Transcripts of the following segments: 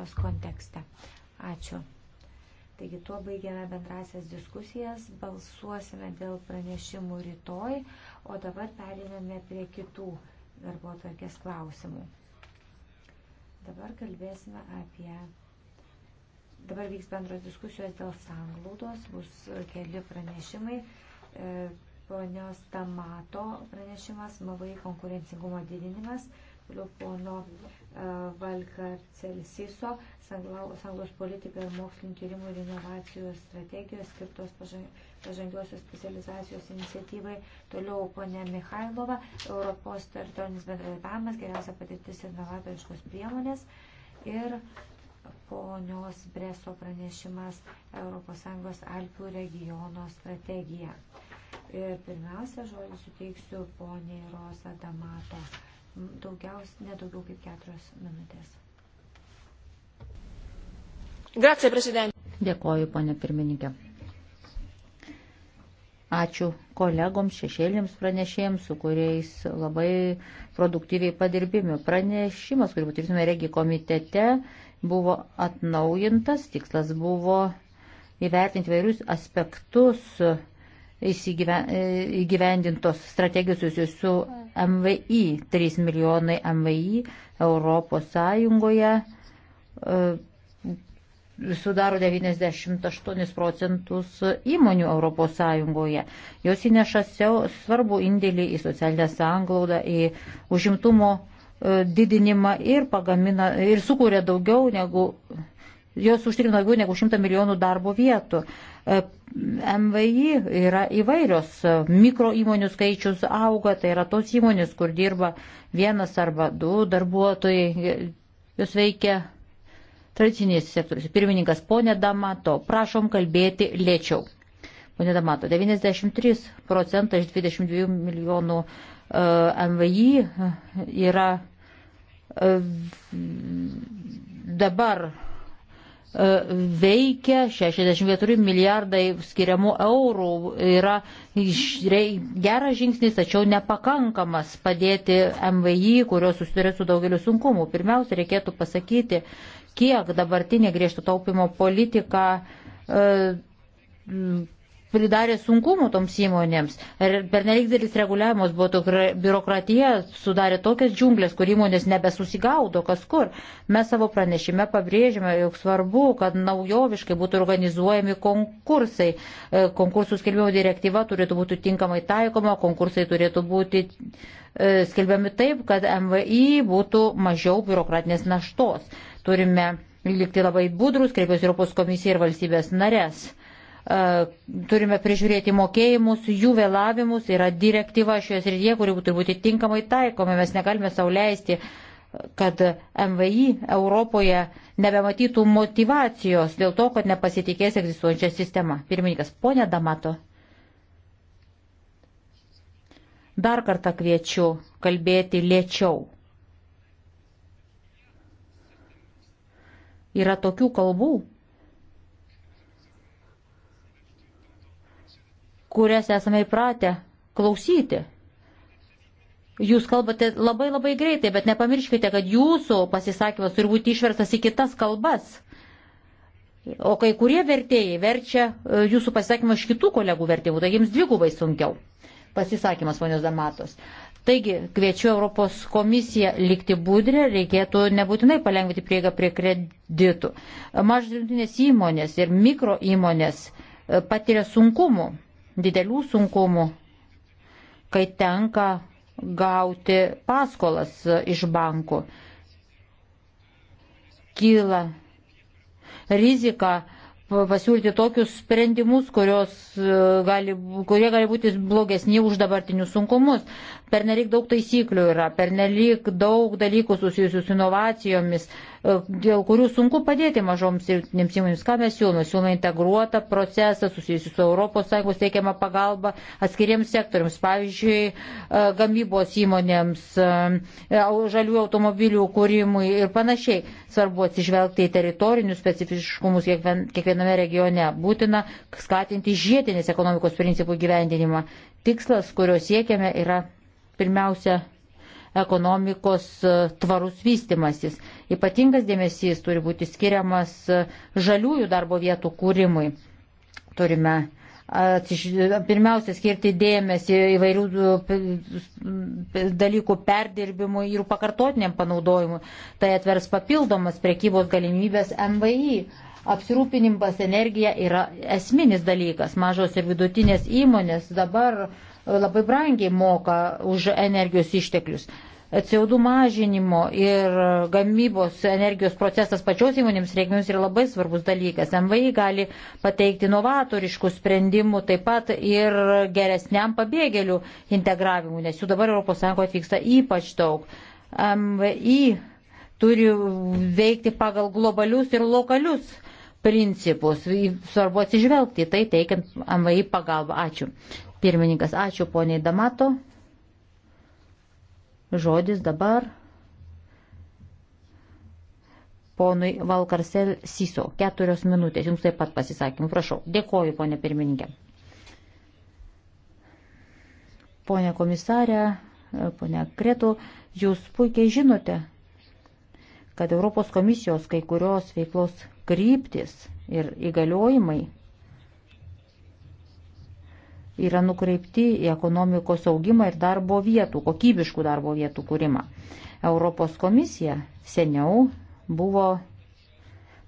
Etiopijos kontekste. Ačiū. Taigi tuo baigiame bendrasias diskusijas, balsuosime dėl pranešimų rytoj, o dabar periname prie kitų darbo tvarkės klausimų. Dabar kalbėsime apie. Dabar vyks bendros diskusijos dėl sanglaudos, bus keli pranešimai. E, ponios Tamato pranešimas, MVI konkurencingumo didinimas pono e, Valkarcelsiso, sąjungos politika ir mokslinio tyrimų ir inovacijų strategijos skirtos pažangiosios specializacijos iniciatyvai. Toliau ponė Mikhailova, Europos teritorinis bendradarbiavimas, geriausia patirtis ir novatoriškos priemonės. Ir ponios Breso pranešimas ES Alpių regiono strategija. Ir pirmiausia, žodį suteiksiu poniai Rosa Damato daugiaus, nedaugiau kaip keturios minutės. Grazie, prezident. Dėkoju, ponė pirmininkė. Ačiū kolegoms, šešėlėms pranešėjams, su kuriais labai produktyviai padirbime. Pranešimas, kurį būtume regi komitete, buvo atnaujintas, tikslas buvo įvertinti vairius aspektus įgyvendintos strategijos susijusius su MVI, 3 milijonai MVI Europos Sąjungoje e, sudaro 98 procentus įmonių Europos Sąjungoje. Jos įneša svarbu indėlį į socialinę sąnglaudą, į užimtumo e, didinimą ir, pagamina, ir sukuria daugiau negu jos užtikrina daugiau negu 100 milijonų darbo vietų. E, MVI yra įvairios, mikro įmonių skaičius auga, tai yra tos įmonės, kur dirba vienas arba du darbuotojai, e, jos veikia tradicinės sektorius. Pirmininkas ponė Damato, prašom kalbėti lėčiau. Pone Damato, 93 procentai iš 22 milijonų uh, e, MVI yra uh, dabar E, veikia, 64 milijardai skiriamų eurų yra geras žingsnis, tačiau nepakankamas padėti MVI, kurios susiduria su daugeliu sunkumų. Pirmiausia, reikėtų pasakyti, kiek dabartinė griežto taupimo politika e, pridarė sunkumų toms įmonėms. Per nelikdėlis reguliavimas buvo tokia biurokratija, sudarė tokias džiunglės, kur įmonės nebesusigaudo, kas kur. Mes savo pranešime pabrėžime, jog svarbu, kad naujoviškai būtų organizuojami konkursai. E, konkursų skelbimo direktyva turėtų būti tinkamai taikoma, konkursai turėtų būti e, skelbiami taip, kad MVI būtų mažiau biurokratinės naštos. Turime likti labai budrus, kreipiuosi Europos komisiją ir valstybės narės E, turime prižiūrėti mokėjimus, jų vėlavimus, tai yra direktyva šioje srityje, kuri turi būti tinkamai taikoma, mes negalime sauliaisti, kad MVI Europoje nebematytų motivacijos dėl to, kad nepasitikės egzistuojančią sistemą. Pirmininkas, ponė Damato. Dar kartą kviečiu kalbėti lėčiau. Yra tokių kalbų, kurias esame įpratę klausyti. Jūs kalbate labai labai greitai, bet nepamirškite, kad jūsų pasisakymas turi būti išverstas į kitas kalbas. O kai kurie vertėjai verčia e, jūsų pasisakymą iš kitų kolegų vertimų, tai jums dvigubai sunkiau pasisakymas, ponios Damatos. Taigi, kviečiu Europos komisiją likti budrė, reikėtų nebūtinai palengvinti prieigą prie kreditų. Mažas rimtinės įmonės ir mikro įmonės e, patiria sunkumų didelių sunkumų, kai tenka gauti paskolas e, iš bankų. Kyla rizika pasiūlyti tokius sprendimus, e, gali, kurie gali būti blogesni už dabartinius sunkumus. Per nelik daug taisyklių yra, per nelik daug dalykų susijusių su inovacijomis, uh, E, dėl kurių sunku padėti mažoms ir tinėms įmonėms. Ką mes siūlome? Siūlome integruotą procesą susijusiu su ES teikiamą pagalbą atskiriems sektoriams, pavyzdžiui, e, gamybos įmonėms, e, žalių automobilių kūrimui ir panašiai. Svarbu atsižvelgti į teritorinius specifiškumus kiekviename regione. Būtina skatinti žiedinės ekonomikos principų gyvendinimą. Tikslas, kurio siekiame, yra pirmiausia ekonomikos e, tvarus vystimasis. Ypatingas dėmesys turi būti skiriamas e, žaliųjų darbo vietų kūrimui. Turime e, pirmiausia skirti dėmesį įvairių dalykų perdirbimui ir pakartotiniam panaudojimui. Tai atvers papildomas prekybos galimybės MVI. Apsirūpinimas energija yra esminis dalykas. Mažos ir vidutinės įmonės dabar uh, labai brangiai moka už energijos išteklius. CO2 mažinimo ir gamybos energijos procesas pačios įmonėms reikmėms yra labai svarbus dalykas. MVI gali pateikti novatoriškų sprendimų taip pat ir geresniam pabėgėlių integravimui, nes jų dabar ES atvyksta ypač daug. MVI turi veikti pagal globalius ir lokalius principus. Svarbu atsižvelgti į tai, teikiant MVI pagalbą. Ačiū. Pirmininkas, ačiū poniai Damato. Žodis dabar ponui Valkarsel Siso. Keturios minutės. Jums taip pat pasisakymų. Prašau. Dėkoju, ponė pirmininkė. Pone komisarė, ponė Kretų, jūs puikiai žinote, kad Europos komisijos kai kurios veiklos kryptis ir įgaliojimai yra nukreipti į ekonomikos augimą ir darbo vietų, kokybiškų darbo vietų kūrimą. Europos komisija seniau buvo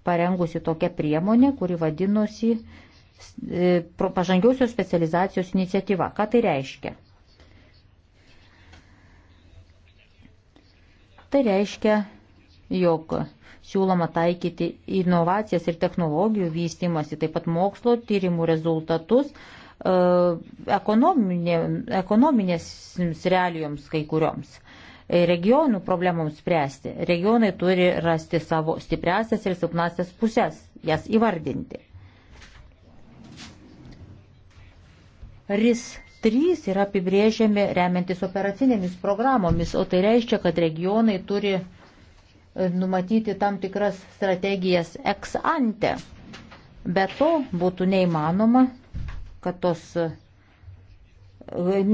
parengusi tokią priemonę, kuri vadinosi e, pažangiausios specializacijos iniciatyva. Ką tai reiškia? Tai reiškia, jog siūloma taikyti inovacijas ir technologijų vystimasi, taip pat mokslo tyrimų rezultatus E, ekonominė, ekonominėms realijoms kai kurioms e, regionų problemoms spręsti. Regionai turi rasti savo stipriasias ir silpnasias pusės, jas įvardinti. RIS 3 yra apibrėžiami remiantis operacinėmis programomis, o tai reiškia, kad regionai turi e, numatyti tam tikras strategijas ex ante. Be to būtų neįmanoma kad tos e,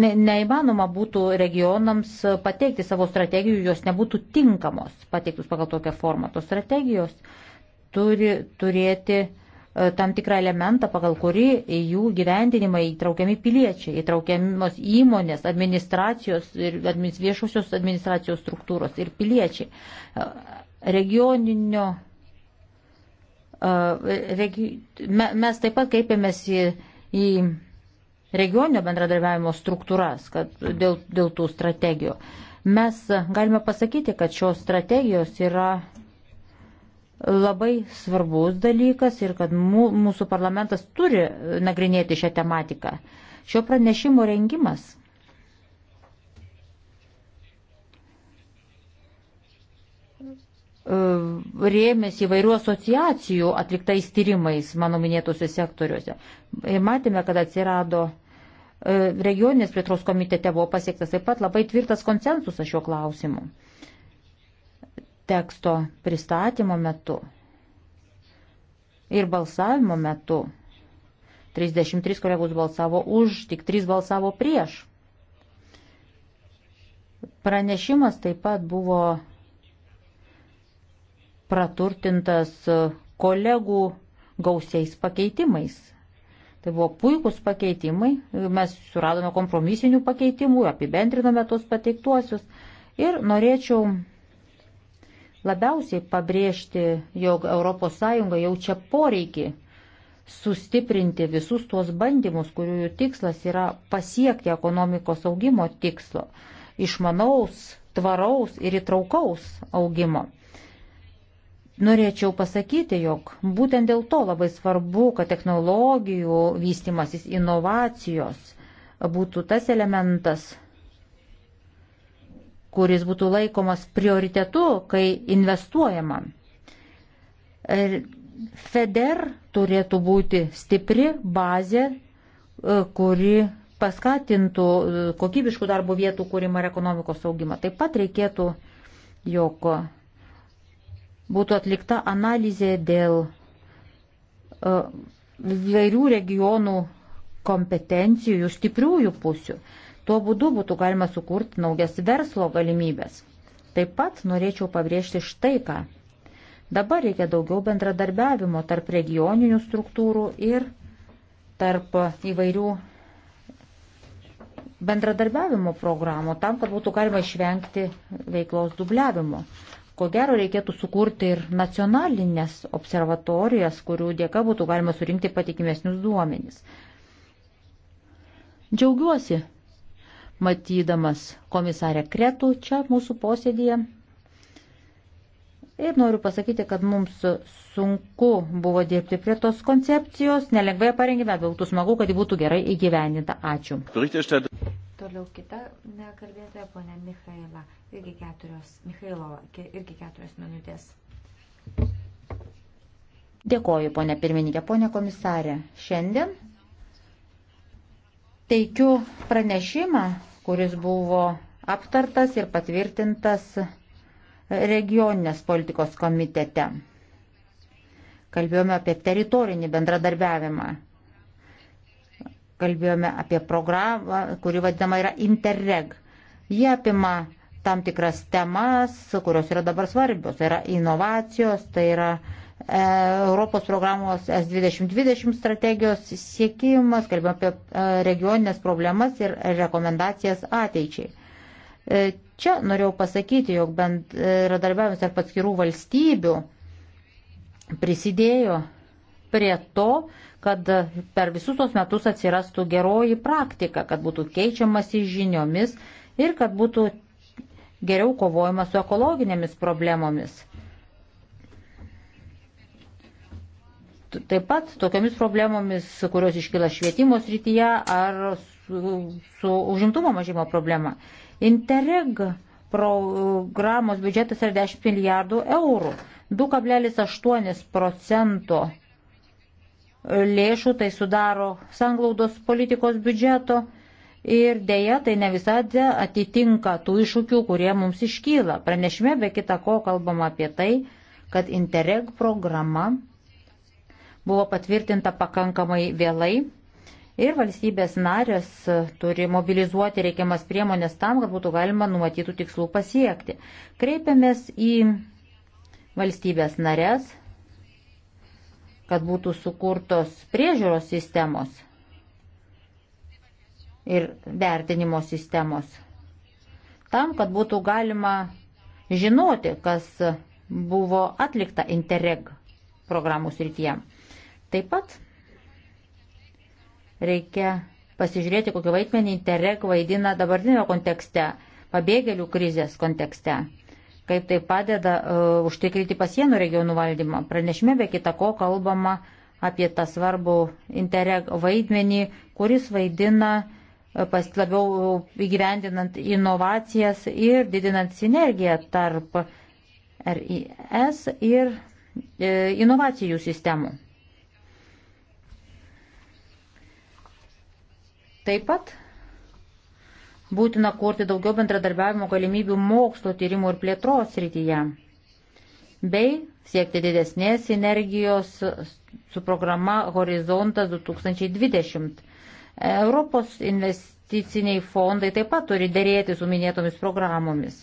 ne, neįmanoma būtų regionams pateikti savo strategijų, jos nebūtų tinkamos pateiktus pagal tokią formą. Tos strategijos turi turėti e, tam tikrą elementą, pagal kurį į jų gyvendinimą įtraukiami piliečiai, įtraukiamos įmonės, administracijos ir administ, viešosios administracijos struktūros ir piliečiai. E, regioninio. Regi, me, mes taip pat kreipėmės į į regioninio bendradarbiavimo struktūras, kad dėl, dėl tų strategijų. Mes galime pasakyti, kad šios strategijos yra labai svarbus dalykas ir kad mūsų parlamentas turi nagrinėti šią tematiką. Šio pranešimo rengimas E, rėmėsi įvairių asociacijų atliktais tyrimais mano minėtose sektoriuose. Ir e, matėme, kad atsirado e, regioninės plėtros komitete buvo pasiektas taip pat labai tvirtas konsensusas šiuo klausimu. Teksto pristatymo metu ir balsavimo metu 33 kolegos balsavo už, tik 3 balsavo prieš. Pranešimas taip pat buvo praturtintas kolegų gausiais pakeitimais. Tai buvo puikūs pakeitimai, mes suradome kompromisinių pakeitimų, apibendrinome tuos pateiktuosius ir norėčiau labiausiai pabrėžti, jog ES jaučia poreikį sustiprinti visus tuos bandymus, kurių tikslas yra pasiekti ekonomikos augimo tikslo, išmanaus, tvaraus ir įtraukaus augimo. Norėčiau pasakyti, jog būtent dėl to labai svarbu, kad technologijų vystimasis inovacijos būtų tas elementas, kuris būtų laikomas prioritetu, kai investuojama. FEDER turėtų būti stipri bazė, e, kuri paskatintų e, kokybiškų darbo vietų kūrimą ir ekonomikos augimą. Taip pat reikėtų, jog būtų atlikta analizė dėl e, vairių regionų kompetencijų, jų stipriųjų pusių. Tuo būdu būtų galima sukurti naujas verslo galimybės. Taip pat norėčiau pabrėžti štai ką. Dabar reikia daugiau bendradarbiavimo tarp regioninių struktūrų ir tarp įvairių bendradarbiavimo programų, tam, kad būtų galima išvengti veiklos dubliavimo. Ko gero reikėtų sukurti ir nacionalinės observatorijas, kurių dėka būtų galima surinkti patikimesnius duomenys. Džiaugiuosi, matydamas komisarę Kretų čia mūsų posėdėje Ir noriu pasakyti, kad mums sunku buvo dirbti prie tos koncepcijos, nelengvai parengėme, bet būtų smagu, kad ji būtų gerai įgyvendinta. Ačiū. Toliau kita kalbėtoja, ponė Michaila, irgi keturios, Michailova, irgi keturios minutės. Dėkoju, ponė pirmininkė, ponė komisarė. Šiandien teikiu pranešimą, kuris buvo aptartas ir patvirtintas regioninės politikos komitete. Kalbėjome apie teritorinį bendradarbiavimą. Kalbėjome apie programą, kuri vadinama yra Interreg. Jie apima tam tikras temas, kurios yra dabar svarbios. Tai yra inovacijos, tai yra e, Europos programos S2020 strategijos siekimas, kalbėjome apie e, regioninės problemas ir rekomendacijas ateičiai. E, Čia norėjau pasakyti, jog bendradarbiavimas tarp atskirų valstybių prisidėjo prie to, kad per visus tos metus atsirastų geroji praktika, kad būtų keičiamasi žiniomis ir kad būtų geriau kovojama su ekologinėmis problemomis. Taip pat tokiamis problemomis, kurios iškyla švietimo srityje ar su, su užimtumo mažymo problema. Interreg programos biudžetas yra 10 milijardų eurų. 2,8 procento lėšų tai sudaro sanglaudos politikos biudžeto ir dėja tai ne visada atitinka tų iššūkių, kurie mums iškyla. Pranešime be kita ko kalbama apie tai, kad Interreg programa buvo patvirtinta pakankamai vėlai ir valstybės narės e, turi mobilizuoti reikiamas priemonės tam, kad būtų galima numatytų tikslų pasiekti. Kreipiamės į valstybės narės, kad būtų sukurtos priežiūros sistemos ir vertinimo sistemos, tam, kad būtų galima žinoti, kas buvo atlikta Interreg programų srityje. Taip pat Reikia pasižiūrėti, kokį vaidmenį Interreg vaidina dabartinio kontekste, pabėgėlių krizės kontekste, kaip tai padeda uh, užtikrinti pasienų regionų valdymą. Pranešime be kita ko kalbama apie tą svarbų Interreg vaidmenį, kuris vaidina uh, pas labiau uh, įgyvendinant inovacijas ir didinant sinergiją tarp RIS ir uh, inovacijų sistemų. Taip pat būtina kurti daugiau bendradarbiavimo galimybių mokslo tyrimų ir plėtros rytyje, bei siekti didesnės sinergijos su programa Horizontas 2020. Europos investiciniai fondai taip pat turi dėrėti su minėtomis programomis.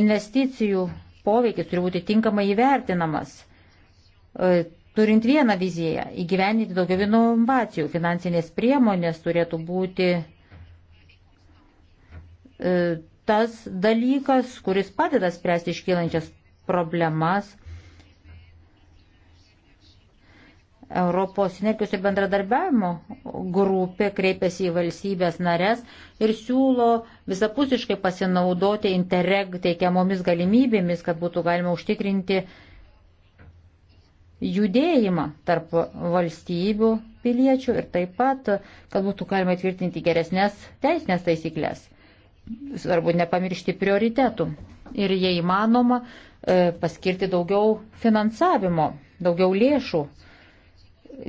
Investicijų poveikis turi būti tinkamai įvertinamas e, turint vieną viziją, įgyveninti daugiau inovacijų. Finansinės priemonės turėtų būti e, tas dalykas, kuris padeda spręsti iškylančias problemas. Europos sinergijos ir bendradarbiavimo grupė kreipiasi į valstybės narės ir siūlo visapusiškai pasinaudoti Interreg teikiamomis galimybėmis, kad būtų galima užtikrinti uh, judėjimą tarp valstybių piliečių ir taip pat, kad būtų galima tvirtinti geresnės teisinės taisyklės. Svarbu nepamiršti prioritetų ir jei įmanoma e, paskirti daugiau finansavimo, daugiau lėšų,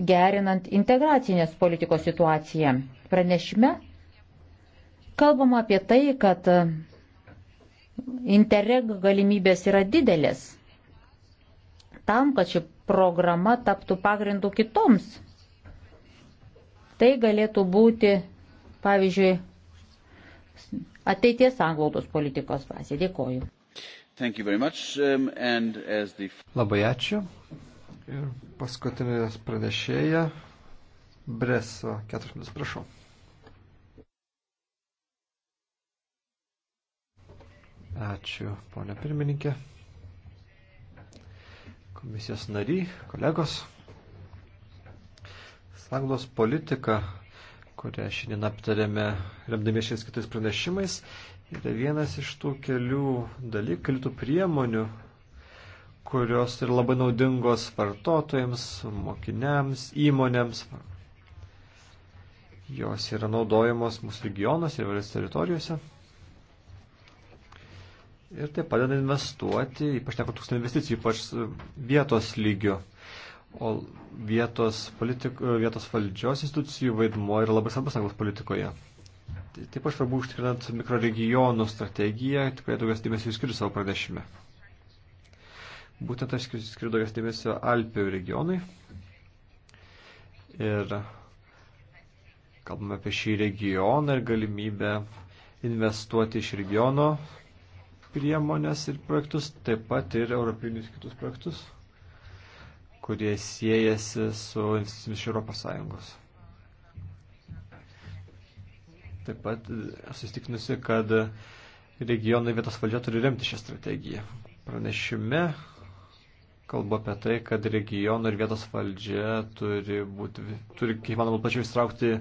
gerinant integracinės politikos situaciją. Pranešime kalbama apie tai, kad e, interreg galimybės yra didelės. Tam, kad ši programa taptų pagrindu kitoms. Tai galėtų būti, pavyzdžiui, ateities anglaudos politikos bazė. Dėkoju. Um, the... Labai ačiū. Ir paskutinės pranešėja Breso, keturis minutės, prašau. Ačiū, ponia pirmininkė komisijos nariai, kolegos. Sanglos politika, kurią šiandien aptarėme remdamiesiais kitais pranešimais, yra vienas iš tų kelių dalykų, kelių tų priemonių, kurios yra labai naudingos vartotojams, mokiniams, įmonėms. Jos yra naudojamos mūsų regionuose ir valstybės teritorijose ir tai padeda investuoti, ypač ten, kur trūksta investicijų, ypač vietos lygių. O vietos, politik, vietos valdžios institucijų vaidmuo yra labai svarbus anglos politikoje. Taip pat svarbu užtikrinant mikroregionų strategiją, tikrai daugiausiai dėmesio skiriu savo pranešime. Būtent aš skiriu daugiausiai dėmesio Alpių regionui. Ir kalbame apie šį regioną ir galimybę investuoti iš regiono priemonės ir projektus, taip pat ir europinius kitus projektus, kurie siejasi su investicijomis iš Europos Sąjungos. Taip pat e, susitikinusi, kad regionai vietos valdžia turi remti šią strategiją. Pranešime kalbu apie tai, kad regionų ir vietos valdžia turi, būti, turi kaip manoma, plačiau įstraukti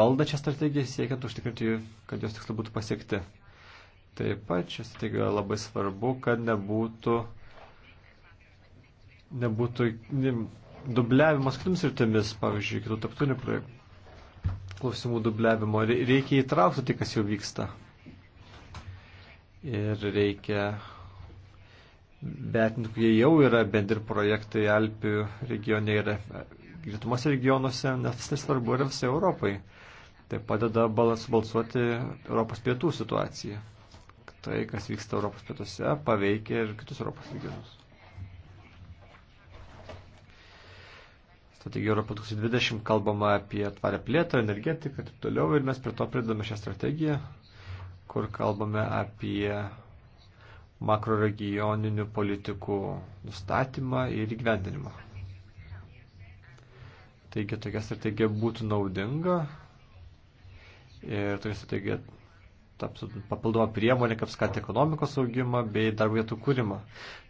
valdančią strategiją, siekiant užtikrinti, kad jos tikslai būtų pasiekti. Taip pat čia staiga labai svarbu, kad nebūtų, nebūtų ne, dubliavimas kitoms rytimis, pavyzdžiui, kitų taptinių projektų klausimų dubliavimo. Reikia įtraukti tai, kas jau vyksta. Ir reikia Bet jie jau yra bendri projektai Alpių regione ir gritumose regionuose, nes tai svarbu yra visai Europai. Tai padeda subalsuoti Europos pietų situaciją tai, kas vyksta Europos pietuose, paveikia ir kitus Europos regionus. Strategija Europa 2020 kalbama apie tvarę plėtą, energetiką ir taip toliau ir mes prie to pridedame šią strategiją, kur kalbame apie makroregioninių politikų nustatymą ir įgyvendinimą. Taigi tokia strategija būtų naudinga ir tokia strategija papildoma priemonė, kaip skatinti ekonomikos augimą bei darbo vietų kūrimą.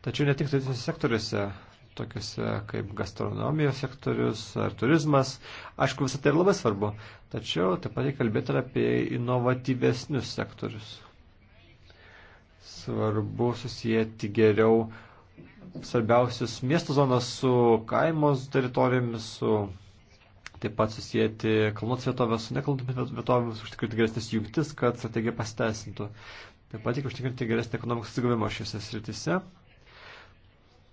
Tačiau ne tik tradiciniuose sektoriuose, tokiuose kaip gastronomijos sektorius ar turizmas, aišku, visą tai yra labai svarbu, tačiau taip pat kalbėti apie inovatyvesnius sektorius. Svarbu susijęti geriau svarbiausius miesto zonas su kaimos teritorijomis, su taip pat susijęti kalnuotas vietovės su nekalnuotomis vietovėmis, užtikrinti geresnės jungtis, kad strategija pasiteisintų. Taip pat reikia užtikrinti geresnį ekonomikos atsigavimą šiuose srityse.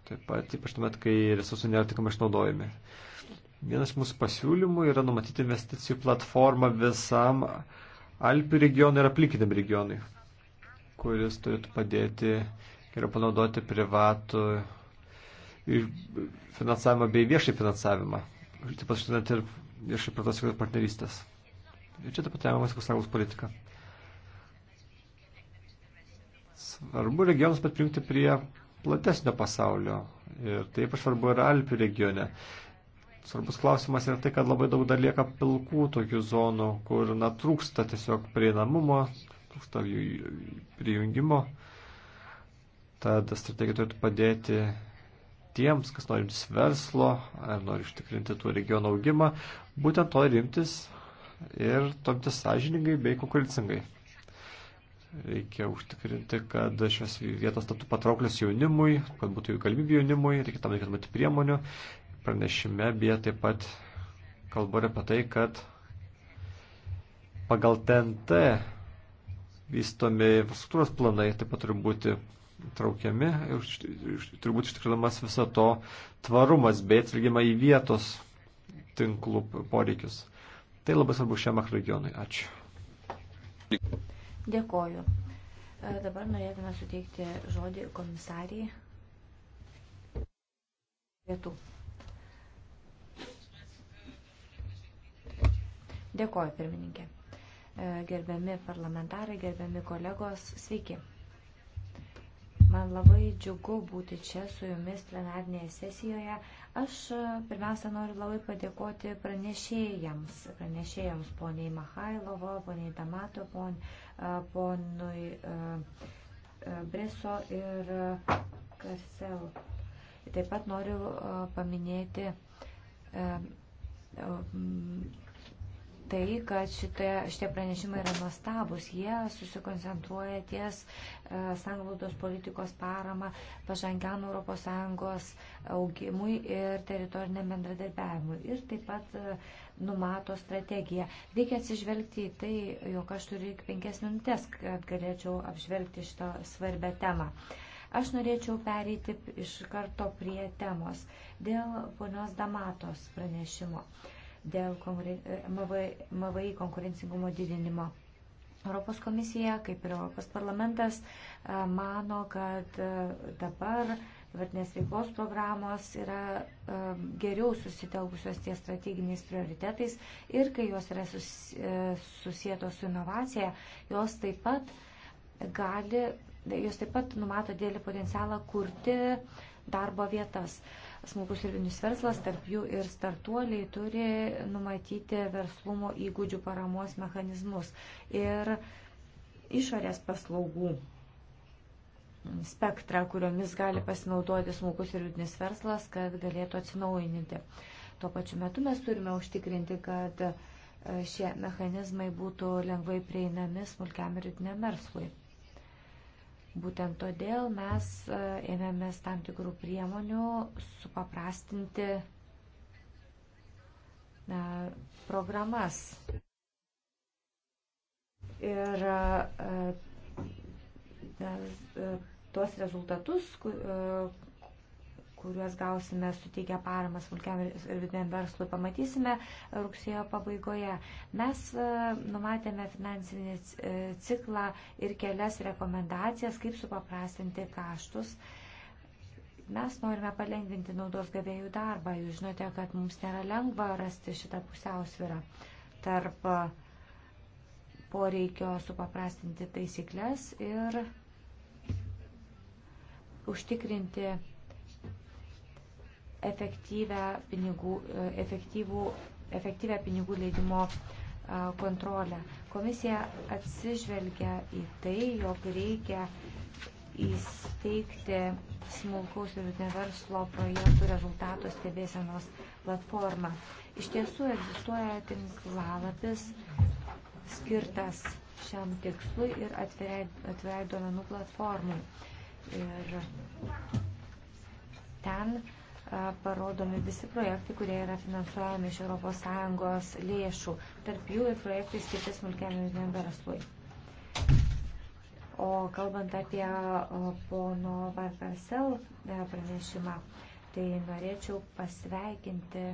Taip pat, ypač tuomet, kai resursai nėra tinkamai išnaudojami. Vienas mūsų pasiūlymų yra numatyti investicijų platformą visam Alpių regionui ir aplinkiniam regionui, kuris turėtų padėti geriau panaudoti privatų finansavimą bei viešai finansavimą. Taip pat štinant ir viešai pratos partnerystės. Ir čia taip pat remiamas ES politika. Svarbu regionus pat prijungti prie platesnio pasaulio. Ir taip svarbu yra Alpių regione. Svarbus klausimas yra tai, kad labai daug dar lieka pilkų tokių zonų, kur na, trūksta tiesiog prieinamumo, trūksta jų prijungimo. Tad strategija turėtų padėti tiems, kas nori imtis verslo ar nori ištikrinti tų regionų augimą, būtent to rimtis ir tomtis sąžiningai bei konkurencingai. Reikia užtikrinti, kad šios vietos taptų patrauklios jaunimui, kad būtų jų galimybių jaunimui, reikia tam reikėtų matyti priemonių. Pranešime beje taip pat kalba ir apie tai, kad pagal TNT vystomi infrastruktūros planai taip pat turi būti traukiami ir turbūt ištikrinamas viso to tvarumas bei atsargima į vietos tinklų poreikius. Tai labai svarbu šiam regionui. Ačiū. Dėkoju. E, dabar norėtume suteikti žodį komisarijai. Pietų. Dėkoju, pirmininkė. E, gerbiami parlamentarai, gerbiami kolegos, sveiki. Man labai džiugu būti čia su jumis plenarnėje sesijoje. Aš e, pirmiausia noriu labai padėkoti pranešėjams, pranešėjams poniai Mahailovo, poniai Damato, pon, e, ponui e, Breso ir Karsel. Taip pat noriu paminėti tai, kad šitie, šitie pranešimai yra nuostabus. Jie susikoncentruoja ties e, sanglaudos politikos parama pažangiam ES augimui ir teritoriniam bendradarbiavimui. Ir taip pat e, numato strategiją. Reikia atsižvelgti į tai, jog aš turiu tik penkias minutės, kad galėčiau apžvelgti šitą svarbę temą. Aš norėčiau pereiti iš karto prie temos dėl ponios Damatos pranešimo. E, dėl konkuren... E, MVI konkurencingumo didinimo. Europos komisija, kaip ir Europos parlamentas, e, mano, kad e, dabar dabartinės veiklos programos yra geriau susitelkusios ties strateginiais prioritetais ir kai jos yra sus, susijėtos su inovacija, jos taip pat gali, jos taip pat numato dėlį potencialą kurti darbo vietas. Uh, smulkus ir vidinius verslas, tarp jų ir startuoliai turi numatyti verslumo įgūdžių paramos mechanizmus ir išorės paslaugų spektrą, kuriomis gali pasinaudoti smulkus ir vidinis verslas, kad galėtų atsinaujinti. Tuo pačiu metu mes turime užtikrinti, kad šie mechanizmai būtų lengvai prieinami smulkiam ir vidiniam verslui. Būtent todėl mes e, ėmėmės tam tikrų priemonių supaprastinti programas. Ir e, e, tuos rezultatus, kuriuos gausime suteikę paramas smulkiam ir vidiniam verslui, pamatysime rugsėjo pabaigoje. Mes e, numatėme finansinį e, ciklą ir kelias rekomendacijas, kaip supaprastinti kaštus. Mes norime palengvinti naudos gavėjų darbą. Jūs žinote, kad mums nėra lengva rasti šitą pusiausvyrą tarp poreikio supaprastinti taisyklės ir užtikrinti efektyvę pinigų, e, efektyvų, efektyvę pinigų leidimo e, kontrolę. Komisija atsižvelgia į tai, jog reikia įsteigti smulkaus ir vidutinio verslo projektų rezultatų stebėsenos platformą. Iš tiesų egzistuoja tinklalapis skirtas šiam tikslui ir atvirai, atvirai duomenų platformai. Ir ten uh, parodomi visi projektai, kurie yra finansuojami iš ES lėšų, tarp jų ir projektai skirti smulkiam vidiniam verslui. O kalbant apie pono Vargasel e, pranešimą, tai norėčiau pasveikinti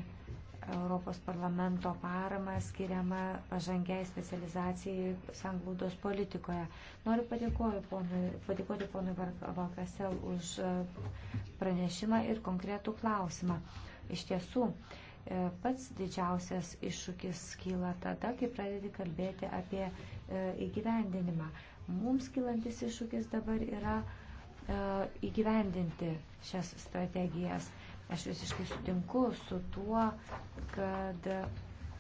Europos parlamento parama skiriama pažangiai specializacijai sanglaudos politikoje. Noriu ponui, padėkoti ponui Valkasel už e, pranešimą ir konkretų klausimą. Iš tiesų, e, pats didžiausias iššūkis kyla tada, kai pradedi kalbėti apie e, įgyvendinimą. Mums kylantis iššūkis dabar yra įgyvendinti šias strategijas. Aš visiškai sutinku su tuo, kad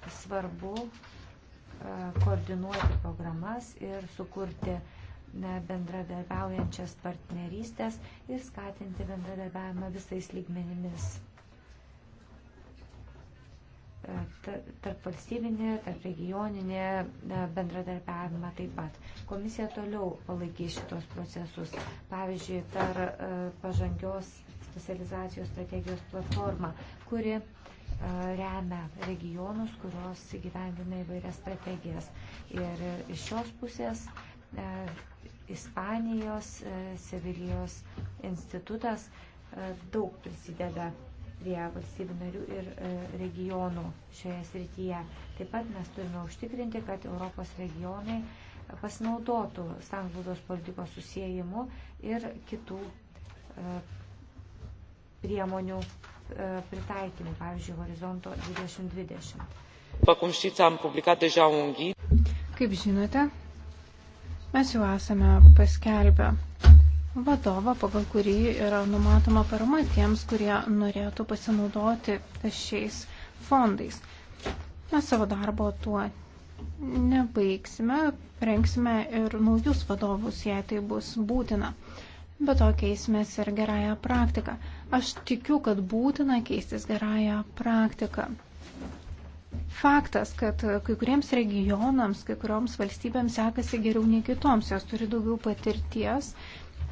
svarbu e, koordinuoti programas ir sukurti bendradarbiaujančias partnerystės ir skatinti bendradarbiavimą visais lygmenimis. E, tarp valstybinė, tarp regioninė e, bendradarbiavimą taip pat. Komisija toliau palaikys šitos procesus. Pavyzdžiui, per pažangios specializacijos strategijos platformą, kuri remia regionus, kurios įgyvendina įvairias strategijas. Ir e, iš šios pusės e, Ispanijos e, Sevilijos institutas e, daug prisideda prie valstybių narių ir e, regionų šioje srityje. Taip pat mes turime užtikrinti, kad Europos regionai pasinaudotų sanglaudos politikos susijimu ir kitų e, priemonių e, pritaikymui, pavyzdžiui, horizonto 2020. Kaip žinote, mes jau esame paskelbę vadovą, pagal kurį yra numatoma parama tiems, kurie norėtų pasinaudoti šiais fondais. Mes savo darbo tuo nebaigsime, renksime ir naujus vadovus, jei tai bus būtina. Be to keismės ir gerąją praktiką. Aš tikiu, kad būtina keistis gerąją praktiką. Faktas, kad kai kuriems regionams, kai kurioms valstybėms sekasi geriau nei kitoms, jos turi daugiau patirties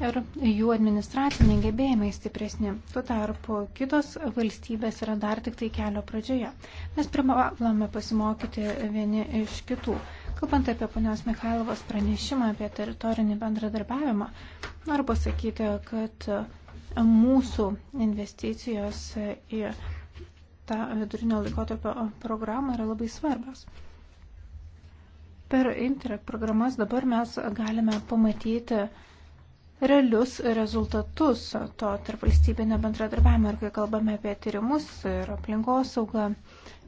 ir jų administraciniai gebėjimai stipresni. Tuo tarpu kitos valstybės yra dar tik tai kelio pradžioje. Mes privalome pasimokyti vieni iš kitų. Kalbant apie ponios Mikhailovos pranešimą apie teritorinį bendradarbiavimą, noriu pasakyti, kad mūsų investicijos į tą vidurinio laikotarpio programą yra labai svarbios. Per Interreg programas dabar mes galime pamatyti realius rezultatus to tarp valstybinio bendradarbiavimo ir kai kalbame apie tyrimus ir aplinkosaugą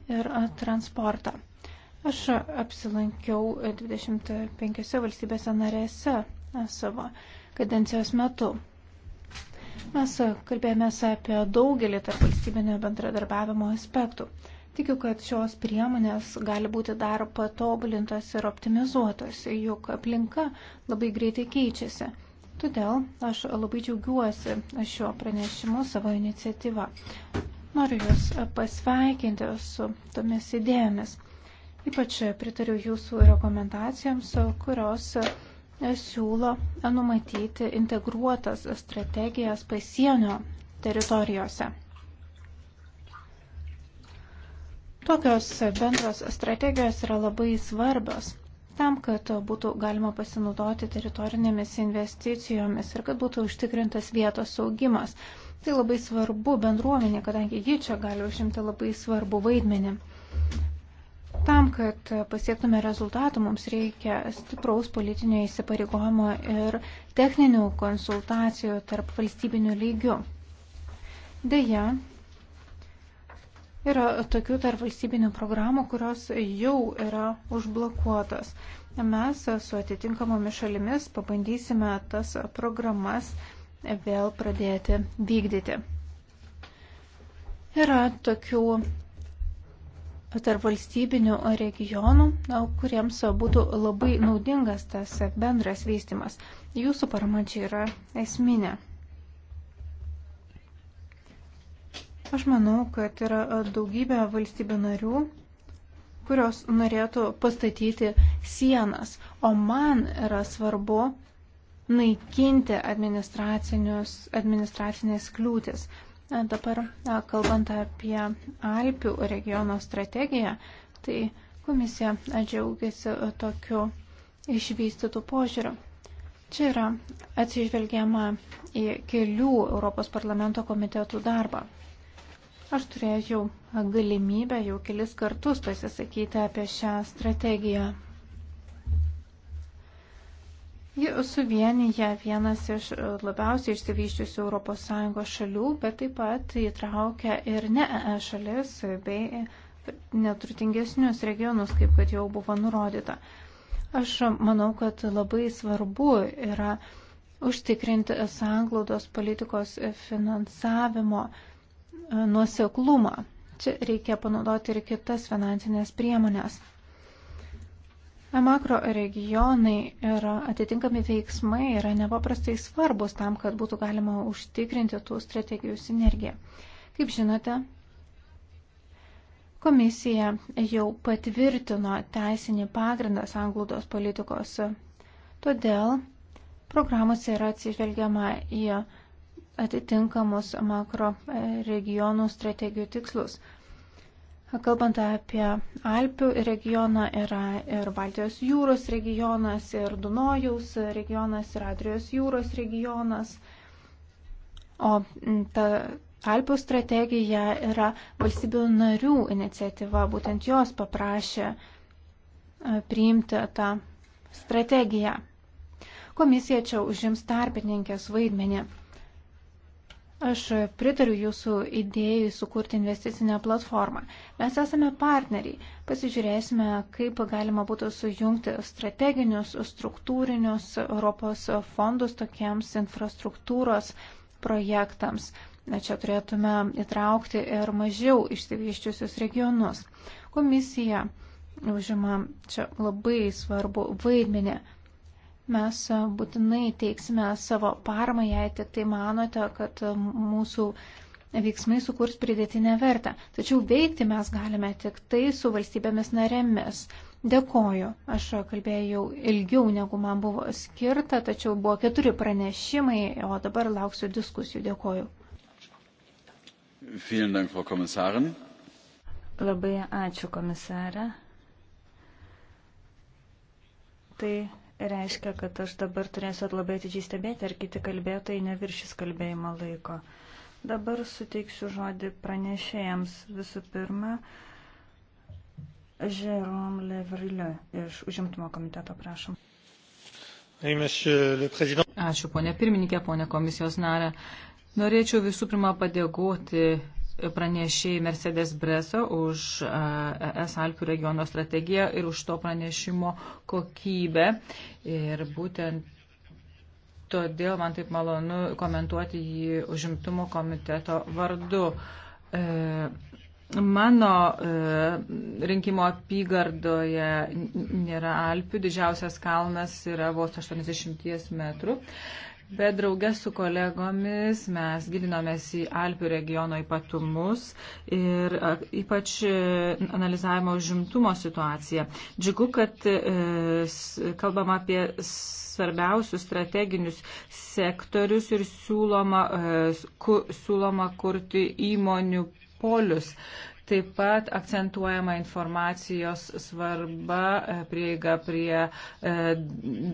ir transportą. Aš apsilankiau 25 valstybėse narėse savo kadencijos metu. Mes kalbėjome apie daugelį tarp valstybinio bendradarbiavimo aspektų. Tikiu, kad šios priemonės gali būti dar patobulintos ir optimizuotos, juk aplinka labai greitai keičiasi. Todėl aš labai džiaugiuosi šiuo pranešimu savo iniciatyva. Noriu Jūs pasveikinti su tomis idėjomis. Ypač pritariu Jūsų rekomendacijoms, kurios siūlo numatyti integruotas strategijas pasienio teritorijose. Tokios bendros strategijos yra labai svarbios tam, kad būtų galima pasinaudoti teritorinėmis investicijomis ir kad būtų užtikrintas vietos saugimas. Tai labai svarbu bendruomenė, kadangi ji čia gali užimti labai svarbu vaidmenį. Tam, kad pasiektume rezultatų, mums reikia stipraus politinio įsipareigojimo ir techninių konsultacijų tarp valstybinių lygių. Deja, yra tokių tarp valstybinių programų, kurios jau yra užblokuotos. Mes su atitinkamomis šalimis pabandysime tas programas vėl pradėti vykdyti. Yra tokių tarp valstybinių regionų, kuriems būtų labai naudingas tas bendras vystimas. Jūsų parama čia yra esminė. Aš manau, kad yra daugybė valstybių narių, kurios norėtų pastatyti sienas, o man yra svarbu naikinti administracinės kliūtis. Dabar kalbant apie Alpių regiono strategiją, tai komisija džiaugiasi tokiu išvystytų požiūriu. Čia yra atsižvelgiama į kelių Europos parlamento komitetų darbą. Aš turėjau galimybę jau kelis kartus pasisakyti apie šią strategiją. Ji suvienyje vienas iš e, labiausiai išsivyščiusių ES šalių, bet taip pat įtraukia ir ne ES e šalis bei neturtingesnius regionus, kaip kad jau buvo nurodyta. Aš manau, kad labai svarbu yra užtikrinti sanglaudos politikos finansavimo e, nuoseklumą. Čia reikia panaudoti ir kitas finansinės priemonės. Makro regionai ir atitinkami veiksmai yra nepaprastai svarbus tam, kad būtų galima užtikrinti tų strategijų sinergiją. Kaip žinote, komisija jau patvirtino teisinį pagrindą sanglaudos politikos. Todėl programuose yra atsižvelgiama į atitinkamus makro regionų strategijų tikslus. Kalbant apie Alpių regioną, yra ir Baltijos jūros regionas, ir Dunojaus regionas, ir Adrijos jūros regionas. O ta Alpių strategija yra valstybių narių iniciatyva, būtent jos paprašė e, priimti tą strategiją. Komisija čia užims tarpininkės vaidmenį. Aš pritariu jūsų idėjai sukurti investicinę platformą. Mes esame partneriai. Pasižiūrėsime, kaip galima būtų sujungti strateginius, struktūrinius Europos fondus tokiems infrastruktūros projektams. Čia turėtume įtraukti ir mažiau išsivyščiusius regionus. Komisija užima čia labai svarbu vaidmenį. Mes būtinai teiksime savo paramą, jei tik tai manote, kad mūsų veiksmai sukurs pridėtinę vertę. Tačiau veikti mes galime tik tai su valstybėmis narėmis. Dėkoju. Aš kalbėjau ilgiau, negu man buvo skirta, tačiau buvo keturi pranešimai, o dabar lauksiu diskusijų. Dėkoju. Dank, Labai ačiū, komisarė. Tai reiškia, kad aš dabar turėsiu labai atidžiai stebėti, ar kiti kalbėtojai neviršys kalbėjimo laiko. Dabar suteiksiu žodį pranešėjams. Visų pirma, Jérôme Levrilio iš Užimtumo komiteto, prašom. Ačiū, ponė pirmininkė, ponė komisijos narė. Norėčiau visų pirma padėkoti pranešėjai Mercedes Breso už ES e Alpių regiono strategiją ir už to pranešimo kokybę. Ir būtent todėl man taip malonu komentuoti jį užimtumo komiteto vardu. E, mano e, rinkimo apygardoje nėra Alpių, didžiausias kalnas yra vos 80 metrų bet draugė su kolegomis mes gilinomės į Alpių regiono ypatumus ir ypač e, analizavimo žimtumo situaciją. Džiugu, kad e, kalbam apie svarbiausius strateginius sektorius ir siūloma, e, siūloma kurti įmonių polius. Taip pat akcentuojama informacijos svarba, e, prieiga prie e,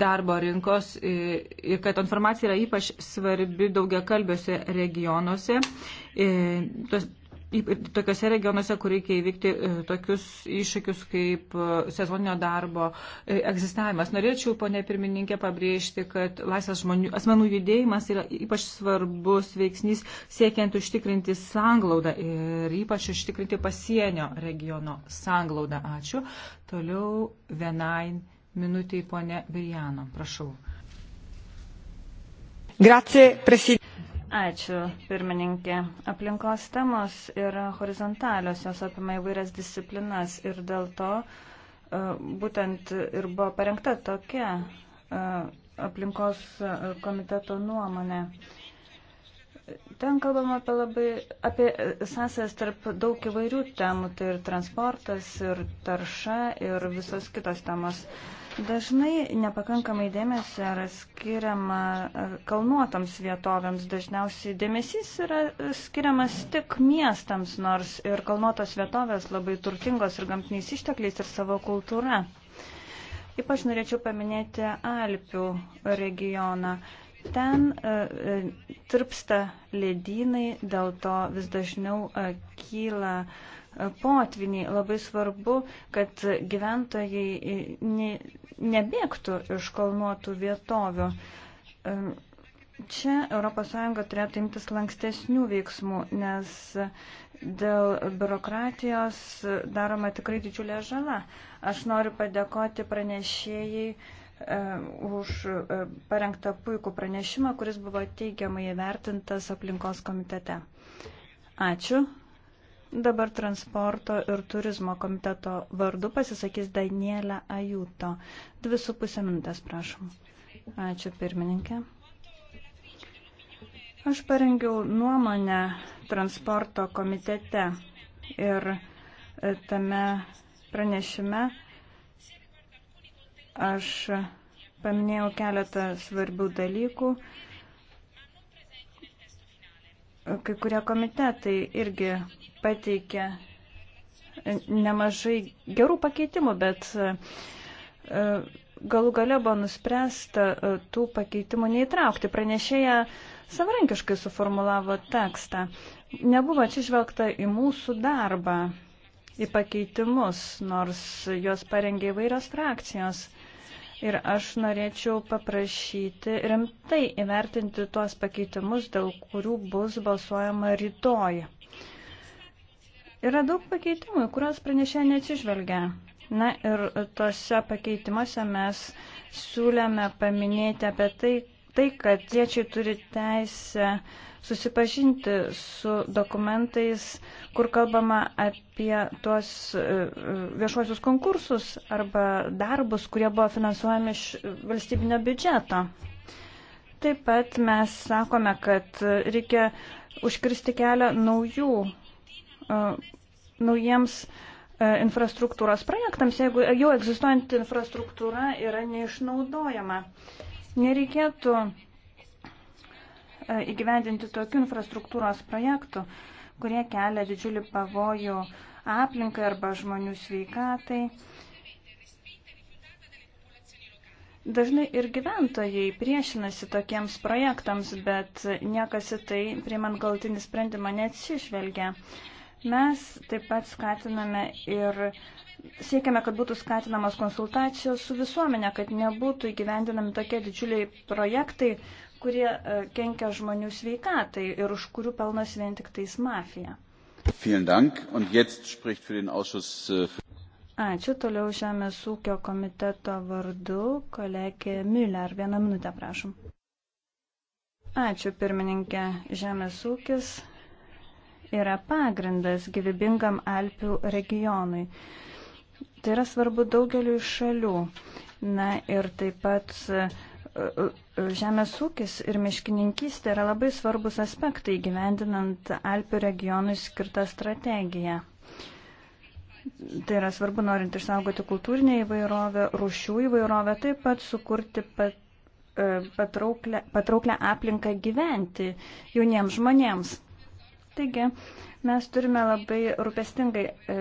darbo rinkos ir kad informacija yra ypač svarbi daugiakalbiuose regionuose. E, tos tokiuose regionuose, kur reikia įvykti e, tokius iššūkius kaip e, sezoninio darbo e, egzistavimas. Norėčiau, ponė pirmininkė, pabrėžti, kad laisvas žmonių, asmenų judėjimas yra ypač svarbus veiksnys siekiant užtikrinti sanglaudą ir ypač užtikrinti pasienio regiono sanglaudą. Ačiū. Toliau vienai minutiai, ponė Birjano. Prašau. Grazie, presidente. Ačiū, pirmininkė. Aplinkos temos yra horizontalios, jos apima įvairias disciplinas ir dėl to e, būtent ir buvo parengta tokia e, aplinkos e, komiteto nuomonė. Ten kalbama apie labai, apie sąsajas tarp daug įvairių temų, tai ir transportas, ir tarša, ir visos kitos temos. Uh, Dažnai nepakankamai dėmesio yra skiriama e, kalnuotams vietovėms, dažniausiai dėmesys yra e, skiriamas tik miestams, nors ir kalnuotos vietovės labai turtingos ir gamtiniais ištekliais ir savo kultūra. Ypač norėčiau paminėti Alpių regioną. Ten e, e tirpsta ledynai, dėl to vis dažniau e, kyla e, potviniai. Labai svarbu, kad gyventojai ne, nebėgtų iš kalnuotų vietovių. Čia ES turėtų imtis lankstesnių veiksmų, nes dėl biurokratijos daroma tikrai didžiulė žala. Aš noriu padėkoti pranešėjai e, už e, parengtą puikų pranešimą, kuris buvo teigiamai įvertintas aplinkos komitete. Ačiū. Dabar transporto ir turizmo komiteto vardu pasisakys Danielė Ajuto. Dvi su pusė minutės, prašom. Ačiū pirmininkė. Aš parengiau nuomonę transporto komitete ir e, tame pranešime aš paminėjau keletą svarbių dalykų. Kai kurie komitetai irgi pateikė nemažai gerų pakeitimų, bet e, galų gale buvo nuspręsta e, tų pakeitimų neįtraukti. Pranešėja savarankiškai suformulavo tekstą. Nebuvo atsižvelgta į mūsų darbą, į pakeitimus, nors juos parengė įvairios frakcijos. Ir aš norėčiau paprašyti rimtai įvertinti tuos pakeitimus, dėl kurių bus balsuojama rytoj. Yra daug pakeitimų, kuriuos pranešė neatsižvelgia. Na ir tose pakeitimuose mes siūlėme paminėti apie tai, tai kad tiečiai turi teisę susipažinti su dokumentais, kur kalbama apie tuos e, viešuosius konkursus arba darbus, kurie buvo finansuojami iš valstybinio biudžeto. Taip pat mes sakome, kad reikia užkirsti kelią naujų naujiems infrastruktūros projektams, jeigu jau egzistuojanti infrastruktūra yra neišnaudojama. Nereikėtų įgyvendinti tokių infrastruktūros projektų, kurie kelia didžiulį pavojų aplinkai arba žmonių sveikatai. Dažnai ir gyventojai priešinasi tokiems projektams, bet niekas į tai, priimant galtinį sprendimą, neatsižvelgia. Uh, Mes taip pat skatiname ir siekiame, kad būtų skatinamas konsultacijos su visuomenė, kad nebūtų įgyvendinami tokie didžiuliai projektai, kurie e, kenkia žmonių sveikatai ir už kurių pelnas vien tik tais mafija. Äh, Ačiū. Toliau Žemės ūkio komiteto vardu kolegė Müller. Vieną minutę prašom. Ačiū pirmininkė Žemės ūkis yra pagrindas gyvybingam Alpių regionui. Tai yra svarbu daugeliu šalių. Na ir taip pat e, e, žemės ūkis ir miškininkystė yra labai svarbus aspektai gyvendinant Alpių regionui skirtą strategiją. Tai yra svarbu norint išsaugoti kultūrinę įvairovę, rūšių įvairovę, taip pat sukurti pat, patrauklę, e, patrauklę aplinką gyventi jauniems žmonėms. Taigi mes turime labai rūpestingai e,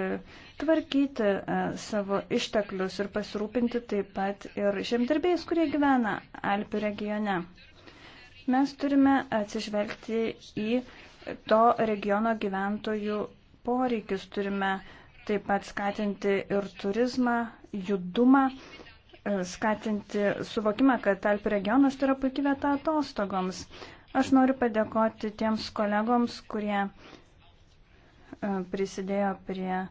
tvarkyti e, savo išteklius ir pasirūpinti taip pat ir žemdirbėjais, kurie gyvena Alpių regione. Mes turime atsižvelgti į to regiono gyventojų poreikius, turime taip pat skatinti ir turizmą, judumą e, skatinti suvokimą, kad Alpių regionas tai yra puikia vieta atostogoms. Aš noriu padėkoti tiems kolegoms, kurie e, prisidėjo prie e,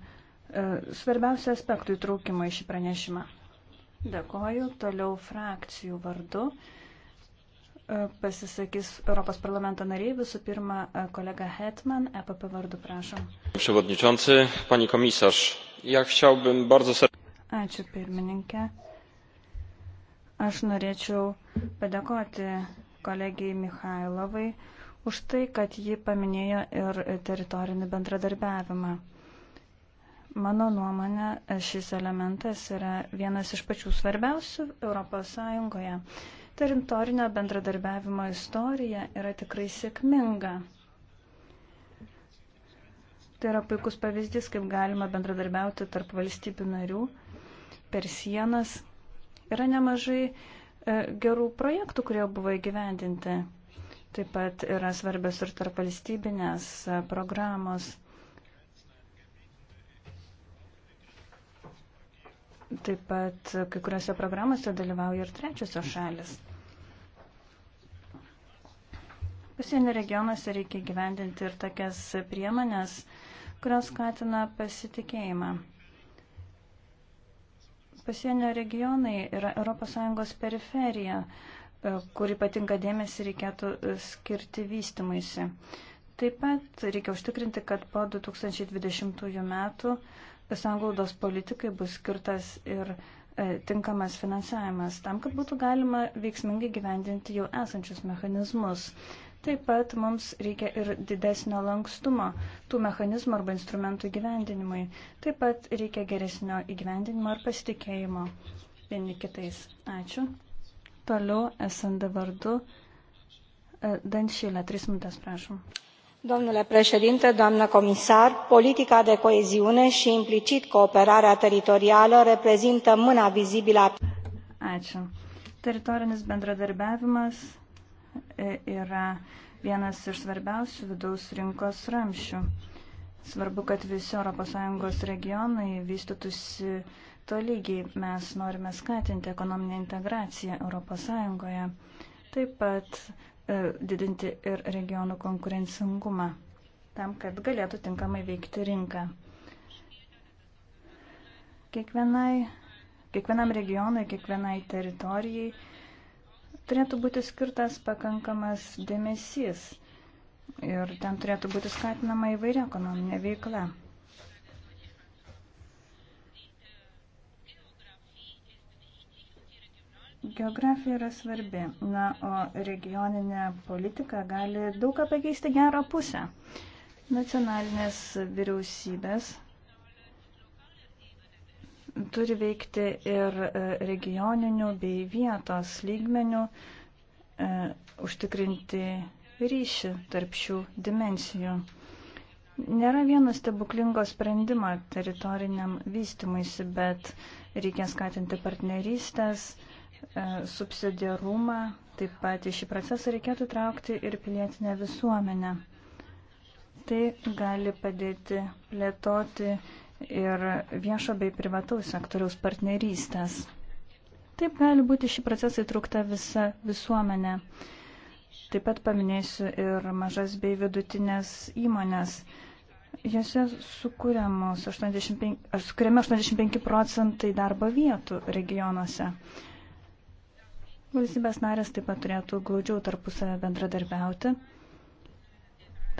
svarbiausių aspektų įtraukimo į šį pranešimą. Dėkoju. Toliau frakcijų vardu e, pasisakys Europos parlamento nariai. Visų pirma, kolega Hetman, EPP vardu, prašom. Przewodniczący, pani komisarz, ja chciałbym bardzo Ačiū pirmininkė. Aš norėčiau padėkoti kolegijai Mihailovai už tai, kad ji paminėjo ir teritorinį bendradarbiavimą. Mano nuomonė, šis elementas yra vienas iš pačių svarbiausių ES. Teritorinio bendradarbiavimo istorija yra tikrai sėkminga. Tai yra puikus pavyzdys, kaip galima bendradarbiauti tarp valstybių narių per sienas. Yra nemažai uh, E, gerų projektų, kurie buvo įgyvendinti. Taip pat yra svarbios ir tarp valstybinės e, programos. Taip pat kai kuriuose programuose dalyvauja ir trečiosios šalis. Pasienio regionuose reikia gyvendinti ir tokias priemonės, kurios skatina pasitikėjimą. Pasienio regionai yra ES periferija, e, kuri patinka dėmesį reikėtų e, skirti vystimaisi. Taip pat reikia užtikrinti, kad po 2020 metų sanglaudos politikai bus skirtas ir e, tinkamas finansavimas tam, kad būtų galima veiksmingai gyvendinti jau esančius mechanizmus. Taip pat mums reikia ir didesnio lankstumo tų mechanizmų arba instrumentų įgyvendinimui. Taip pat reikia geresnio įgyvendinimo ar pasitikėjimo vieni kitais. Ačiū. Toliau SND vardu. E, Danšylė, tris minutės prašom. Domnule președinte, doamnă comisar, politica de coeziune și implicit cooperarea teritorială reprezintă mâna vizibilă a. Ačiū. Teritorinis bendradarbiavimas E, yra vienas iš svarbiausių vidaus rinkos ramščių. Svarbu, kad visi ES regionai vystytųsi tolygiai. Mes norime skatinti ekonominę integraciją ES. Taip pat e, didinti ir regionų konkurencingumą, tam, kad galėtų tinkamai veikti rinką. Kiekvienai, kiekvienam regionui, kiekvienai teritorijai turėtų būti skirtas pakankamas dėmesys ir ten turėtų būti skatinama įvairia ekonominė veikla. Geografija yra svarbi, na, o regioninė politika gali daug ką pakeisti gerą pusę. Nacionalinės vyriausybės turi veikti ir e, regioninių bei vietos lygmenių, e, užtikrinti ryšį tarp šių dimensijų. Nėra vieno stebuklingo sprendimo teritoriniam vystimuisi, bet reikia skatinti partnerystės, e, subsidiarumą, taip pat į šį procesą reikėtų traukti ir pilietinę visuomenę. Tai gali padėti plėtoti ir viešo bei privataus sektoriaus partnerystės. Taip gali būti šį procesą įtrukta visa visuomenė. Taip pat paminėsiu ir mažas bei vidutinės įmonės. Jose sukūrėme 85, 85 procentai darbo vietų regionuose. Valstybės narės taip pat turėtų glaudžiau tarpusavę bendradarbiauti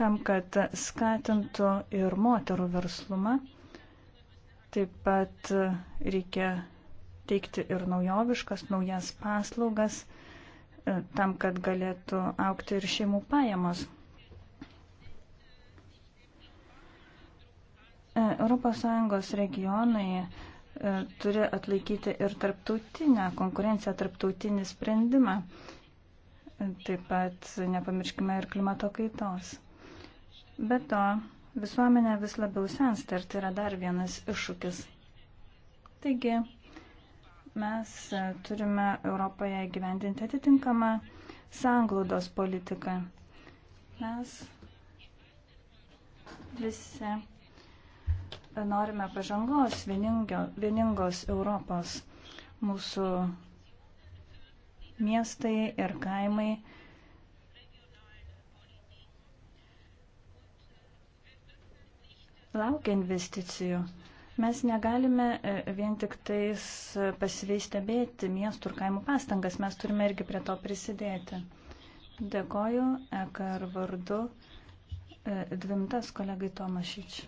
tam, kad skatintų ir moterų verslumą Taip pat reikia teikti ir naujoviškas, naujas paslaugas, e, tam, kad galėtų aukti ir šeimų pajamos. ES regionai e, turi atlaikyti ir tarptautinę konkurenciją, tarptautinį sprendimą. E, taip pat nepamirškime ir klimato kaitos. Be to, Visuomenė vis labiau sensta ir tai yra dar vienas iššūkis. Taigi, mes turime Europoje gyvendinti atitinkamą sanglaudos politiką. Mes visi norime pažangos, vieningio, vieningos Europos. Mūsų miestai ir kaimai laukia investicijų. Mes negalime e, vien tik tais e, pasivei stebėti miestų ir kaimų pastangas, mes turime irgi prie to prisidėti. Dėkoju EKR vardu e, dvimtas kolegai Tomašić.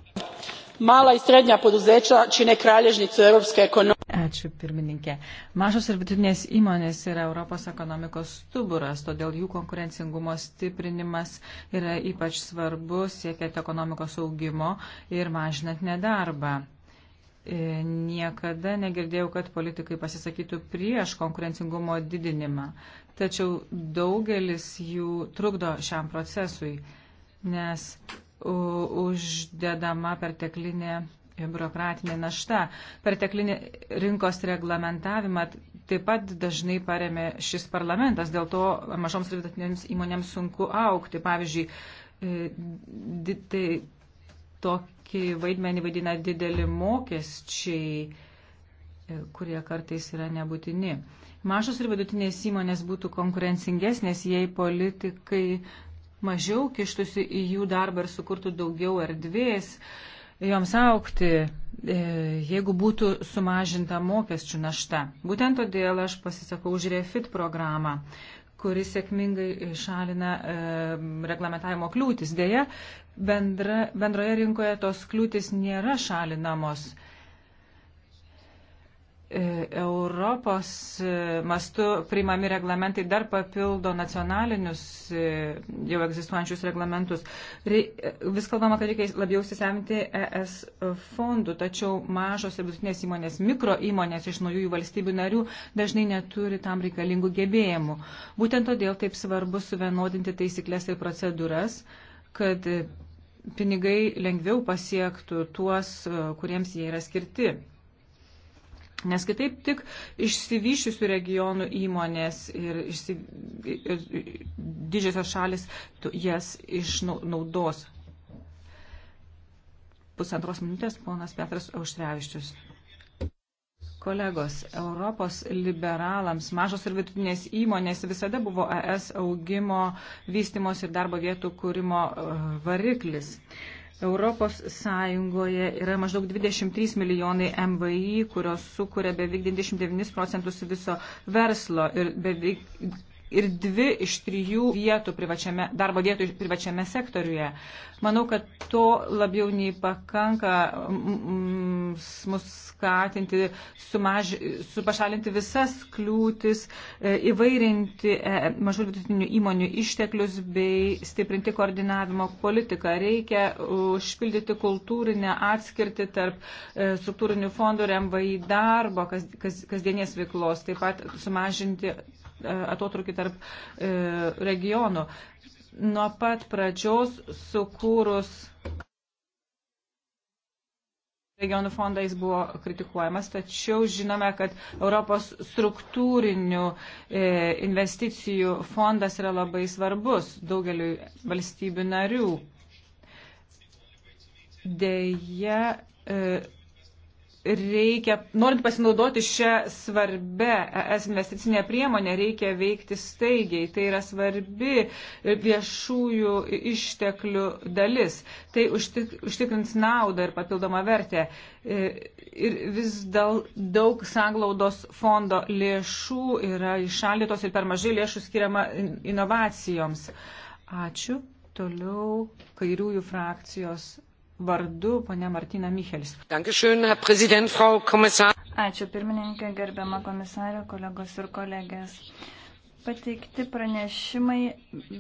Mala i srednja poduzeća čine kralježnicu europske ekonomije. Ačiū, pirmininkė. Mažos ir vidutinės įmonės yra Europos ekonomikos stuburas, todėl jų konkurencingumo stiprinimas yra ypač svarbus siekiant ekonomikos augimo ir mažinant nedarbą. E, niekada negirdėjau, kad politikai pasisakytų prieš konkurencingumo didinimą, tačiau daugelis jų trukdo šiam procesui, nes uždedama perteklinė biurokratinė našta. Perteklinį rinkos reglamentavimą taip pat dažnai paremė šis parlamentas, dėl to mažoms ir vidutinėms įmonėms sunku aukti. Pavyzdžiui, e, tai tokį vaidmenį vaidina dideli mokesčiai, e, kurie kartais yra nebūtini. Mažos ir vidutinės įmonės būtų konkurencingesnės, jei politikai mažiau kištusi į jų darbą ir sukurtų daugiau erdvės. Uh, joms aukti, e, jeigu būtų sumažinta mokesčių našta. Būtent todėl aš pasisakau už REFIT programą kuris sėkmingai šalina e, reglamentavimo kliūtis. Deja, bendra, bendroje rinkoje tos kliūtis nėra šalinamos. E, E, Europos e, mastu priimami reglamentai dar papildo nacionalinius e, jau egzistuojančius reglamentus. Vis kalbama, kad reikia labiau įsisemti ES fondų, tačiau mažos ir vidutinės įmonės, mikro įmonės iš naujųjų valstybių narių dažnai neturi tam reikalingų gebėjimų. Būtent todėl taip svarbu suvienodinti taisyklės ir procedūras, kad pinigai lengviau pasiektų tuos, kuriems jie yra skirti. Nes kitaip tik išsivyšiusių regionų įmonės ir, išsi, ir didžiosios šalis jas išnaudos. Pusantros minutės ponas Petras Auštrevičius. Kolegos, Europos liberalams mažos ir vidutinės įmonės visada buvo ES augimo, vystimos ir darbo vietų kūrimo e, variklis. Uh, Europos Sąjungoje yra maždaug 23 milijonai MVI, kurios sukuria beveik 29 procentus viso verslo ir beveik ir dvi iš trijų vietų privačiame, darbo vietų privačiame sektoriuje. Manau, kad to labiau nei pakanka mus skatinti, sumaž, supašalinti visas kliūtis, e, įvairinti e, mažų vidutinių įmonių išteklius bei stiprinti koordinavimo politiką. Reikia užpildyti kultūrinę atskirtį tarp e, struktūrinių fondų ir MVI darbo kas, kas, kasdienės veiklos, taip pat sumažinti atotrukį tarp e, regionų. Nuo pat pradžios sukūrus regionų fondą jis buvo kritikuojamas, tačiau žinome, kad Europos struktūrinių e, investicijų fondas yra labai svarbus daugeliu valstybių narių. Deja, e, reikia, norint pasinaudoti šią svarbę ES investicinę priemonę, reikia veikti staigiai. Tai yra svarbi viešųjų išteklių dalis. Tai užtik, užtikrins naudą ir papildomą vertę. E, ir vis dėl daug sanglaudos fondo lėšų yra išaldytos ir per mažai lėšų skiriama inovacijoms. Ačiū. Toliau kairiųjų frakcijos vardu ponė Martina Michelis. Ačiū pirmininkė, gerbiama komisarė, kolegos ir kolegės. Pateikti pranešimai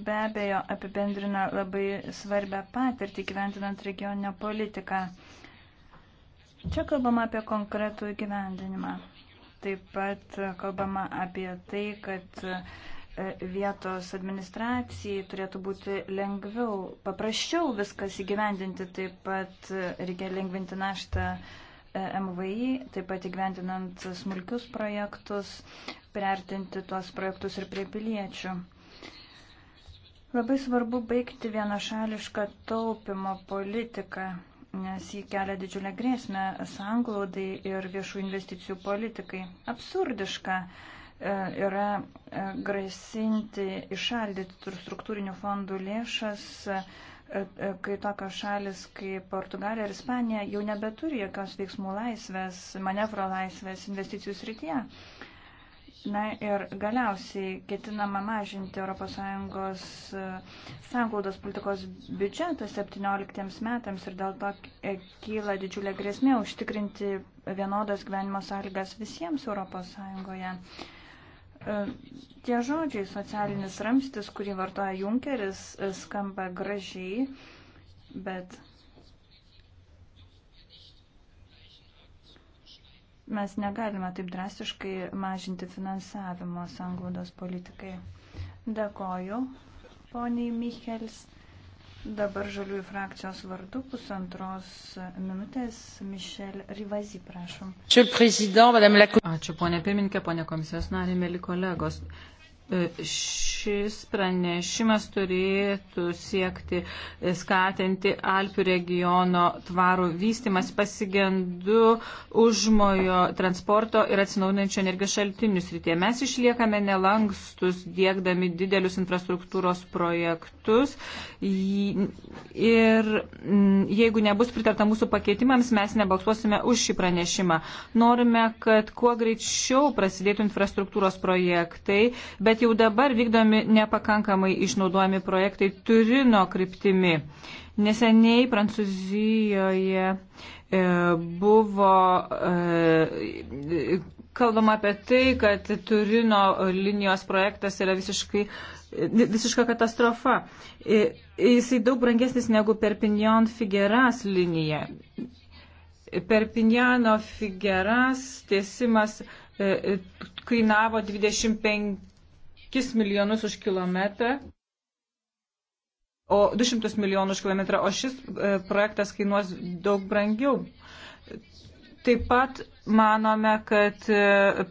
be abejo apibendrina labai svarbę patirtį gyventinant regioninę politiką. Čia kalbama apie konkretų įgyvendinimą. Taip pat kalbama apie tai, kad E, vietos administracijai turėtų būti lengviau, paprasčiau viskas įgyvendinti, taip pat e, reikia lengvinti naštą e, MVI, taip pat įgyvendinant smulkius projektus, priartinti tuos projektus ir prie piliečių. Labai svarbu baigti vienašališką taupimo politiką, nes jį kelia didžiulę grėsmę sanglaudai ir viešų investicijų politikai. Absurdiška E, yra e, grasinti išaldyti struktūrinių fondų lėšas, e, kai tokios šalis kaip Portugalija ir Ispanija jau nebeturi jokios veiksmų laisvės, manevro laisvės investicijų srityje. Na ir galiausiai ketinama mažinti ES sanglaudos politikos biudžetą 17 metams ir dėl to kyla didžiulė grėsmė užtikrinti vienodas gyvenimo sąlygas visiems ES. E, tie žodžiai socialinis ramstis, kurį vartoja Junkeris, e, skamba gražiai, bet mes negalime taip drastiškai mažinti finansavimo sanglaudos politikai. Dėkoju, poniai Michels. Dabar žaliųjų frakcijos vardu pusantros minutės Mišel Rivazy, prašom. Ačiū, ponė pirmininkė, ponė komisijos narė, mėly kolegos. Šis pranešimas turėtų siekti skatinti Alpių regiono tvarų vystimas pasigendu užmojo transporto ir atsinaudinančio energijos šaltinius rytie. Mes išliekame nelankstus, dėkdami didelius infrastruktūros projektus ir mm, jeigu nebus pritarta mūsų pakeitimams, mes nebalsuosime už šį pranešimą. Norime, kad kuo greičiau prasidėtų infrastruktūros projektai, bet bet jau dabar vykdomi nepakankamai išnaudojami projektai Turino kryptimi. Neseniai Prancūzijoje e, buvo e, kalbama apie tai, kad Turino linijos projektas yra visiškai, e, visiška katastrofa. E, jisai daug brangesnis negu Perpignan Figueras linija. Perpignano Figueras tiesimas e, e, kainavo 25 5 milijonus už kilometrą, o 200 milijonų už kilometrą, o šis e, projektas kainuos daug brangiau. Taip pat manome, kad e,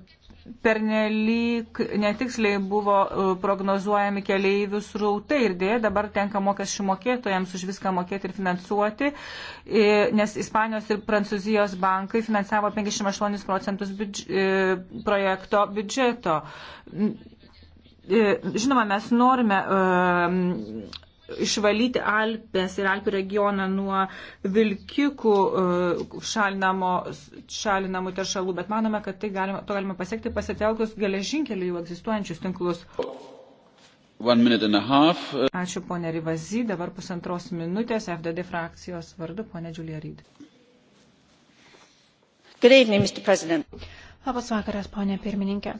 pernelyg netiksliai buvo e, prognozuojami keleivių srautai ir dėja dabar tenka mokesčių mokėtojams už viską mokėti ir finansuoti, nes Ispanijos ir Prancūzijos bankai finansavo 58 procentus biudž projekto biudžeto. E, žinoma, mes norime e, išvalyti Alpės ir Alpių regioną nuo vilkikų e, šalinamo, šalinamų teršalų, bet manome, kad tai galima, to galima pasiekti pasitelkus geležinkelių jau egzistuojančius tinklus. Ačiū ponė Rivazy, dabar pusantros minutės FDD frakcijos vardu ponė Džiulija Ryd. Labas vakaras, ponė pirmininkė.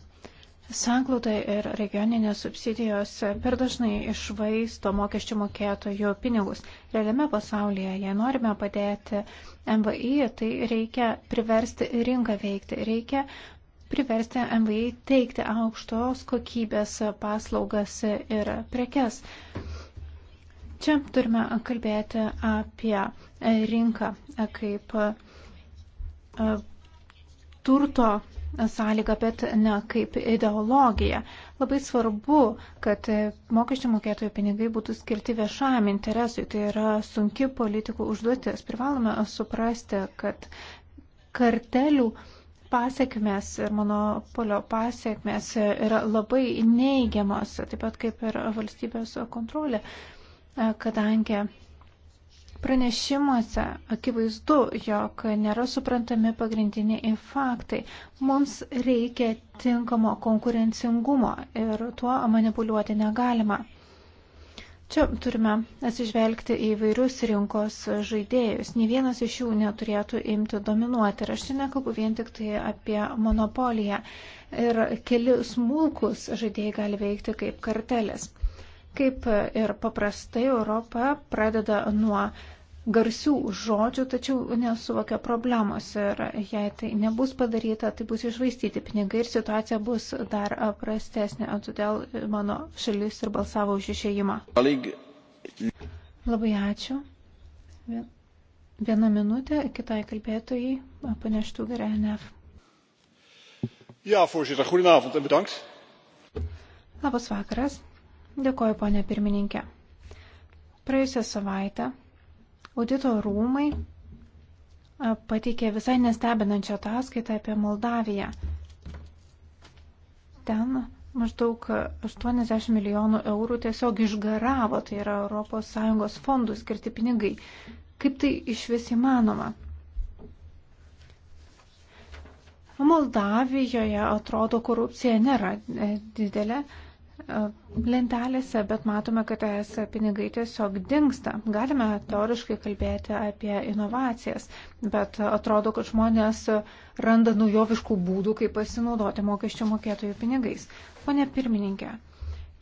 Sanklauda ir regioninės subsidijos per dažnai išvaisto mokesčių mokėtojų pinigus. Realiame pasaulyje, jei norime padėti MVI, tai reikia priversti rinką veikti, reikia priversti MVI teikti aukštos kokybės paslaugas ir prekes. Čia turime kalbėti apie rinką kaip e, turto sąlyga, bet ne kaip ideologija. Labai svarbu, kad mokesčių mokėtojų pinigai būtų skirti viešam interesui. Tai yra sunki politikų užduotis. Privalome suprasti, kad kartelių pasiekmes ir monopolio pasiekmes yra labai neigiamos, taip pat kaip ir valstybės kontrolė, kadangi Pranešimuose akivaizdu, jog nėra suprantami pagrindiniai faktai. Mums reikia tinkamo konkurencingumo ir tuo manipuliuoti negalima. Čia turime atsižvelgti į vairius rinkos žaidėjus. Ne vienas iš jų neturėtų imti dominuoti. Ir aš čia nekalbu vien tik tai apie monopoliją. Ir keli smulkus žaidėjai gali veikti kaip kartelis. Kaip ir paprastai Europa pradeda nuo garsių žodžių, tačiau nesuvokia problemos ir jei tai nebus padaryta, tai bus išvaistyti pinigai ir situacija bus dar prastesnė. Todėl mano šalis ir balsavo už išėjimą. Labai ačiū. Vieną minutę kitai kalbėtojai, paneštų gerai NF. Ja, voorzitter, goedenavond en bedankt. Labas vakaras. Dėkoju, ponė pirmininkė. Praėjusią savaitę audito rūmai pateikė visai nestebinančią ataskaitą apie Moldaviją. Ten maždaug 80 milijonų eurų tiesiog išgaravo, tai yra ES fondų skirti pinigai. Kaip tai iš vis įmanoma? Moldavijoje atrodo korupcija nėra e, didelė, lentelėse, bet matome, kad es pinigai tiesiog dinksta. Galime teoriškai kalbėti apie inovacijas, bet atrodo, kad žmonės randa naujoviškų būdų, kaip pasinaudoti mokesčių mokėtojų pinigais. Pone pirmininkė,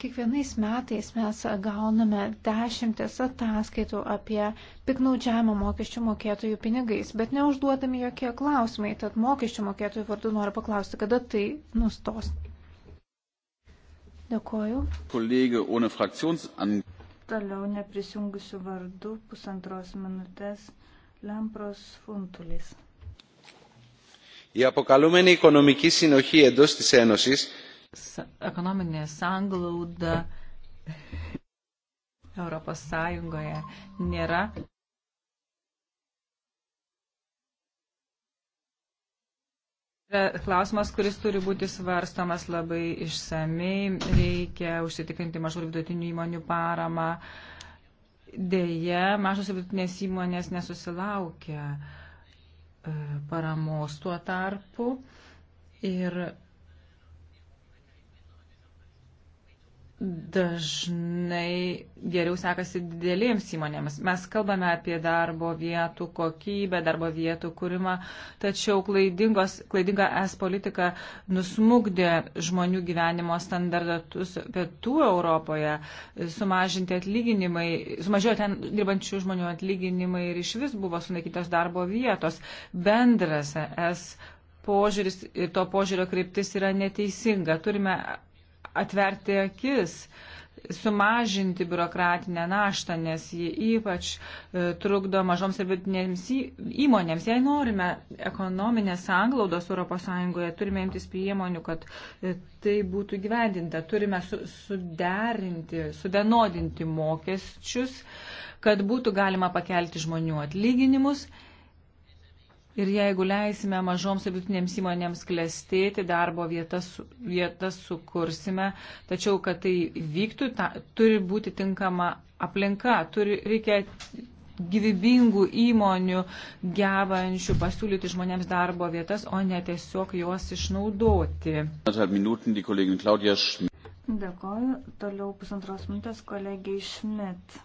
kiekvienais metais mes gauname dešimtis ataskaitų apie piknaudžiavimą mokesčių mokėtojų pinigais, bet neužduodami jokie klausimai, tad mokesčių mokėtojų vardu noriu paklausti, kada tai nustos. Dėkoju. Kolegė, ohne frakcijons. An... Toliau neprisijungusių vardų pusantros minutės Lampros Funtulis. Η αποκαλούμενη οικονομική συνοχή εντός της Ένωσης Ekonominė sanglauda Europos Sąjungoje nėra E, klausimas, kuris turi būti svarstomas labai išsamei, reikia užsitikrinti mažų ir vidutinių įmonių paramą. Deja, mažos ir vidutinės įmonės nesusilaukia e, paramos tuo tarpu ir dažnai geriau sekasi didelėms įmonėms. Mes kalbame apie darbo vietų kokybę, darbo vietų kūrimą, tačiau klaidinga es politika nusmugdė žmonių gyvenimo standartus pietų Europoje, sumažinti atlyginimai, sumažėjo ten dirbančių žmonių atlyginimai ir iš vis buvo sunaikytos darbo vietos. Bendras es požiūris ir to požiūrio kryptis yra neteisinga. Turime atverti akis, sumažinti biurokratinę naštą, nes ji ypač e, trukdo mažoms ir vidutinėms įmonėms. Jei norime ekonominės sanglaudos ES, turime imtis priemonių, kad e, tai būtų gyvendinta. Turime su, suderinti, suvienodinti mokesčius, kad būtų galima pakelti žmonių atlyginimus Ir jeigu leisime mažoms ir vidutinėms įmonėms klestėti, darbo vietas, vietas sukursime, tačiau, kad tai vyktų, ta, turi būti tinkama aplinka, turi, reikia gyvybingų įmonių, gebančių pasiūlyti žmonėms darbo vietas, o ne tiesiog juos išnaudoti. Dėkoju. Toliau pusantros minutės kolegijai Šmit.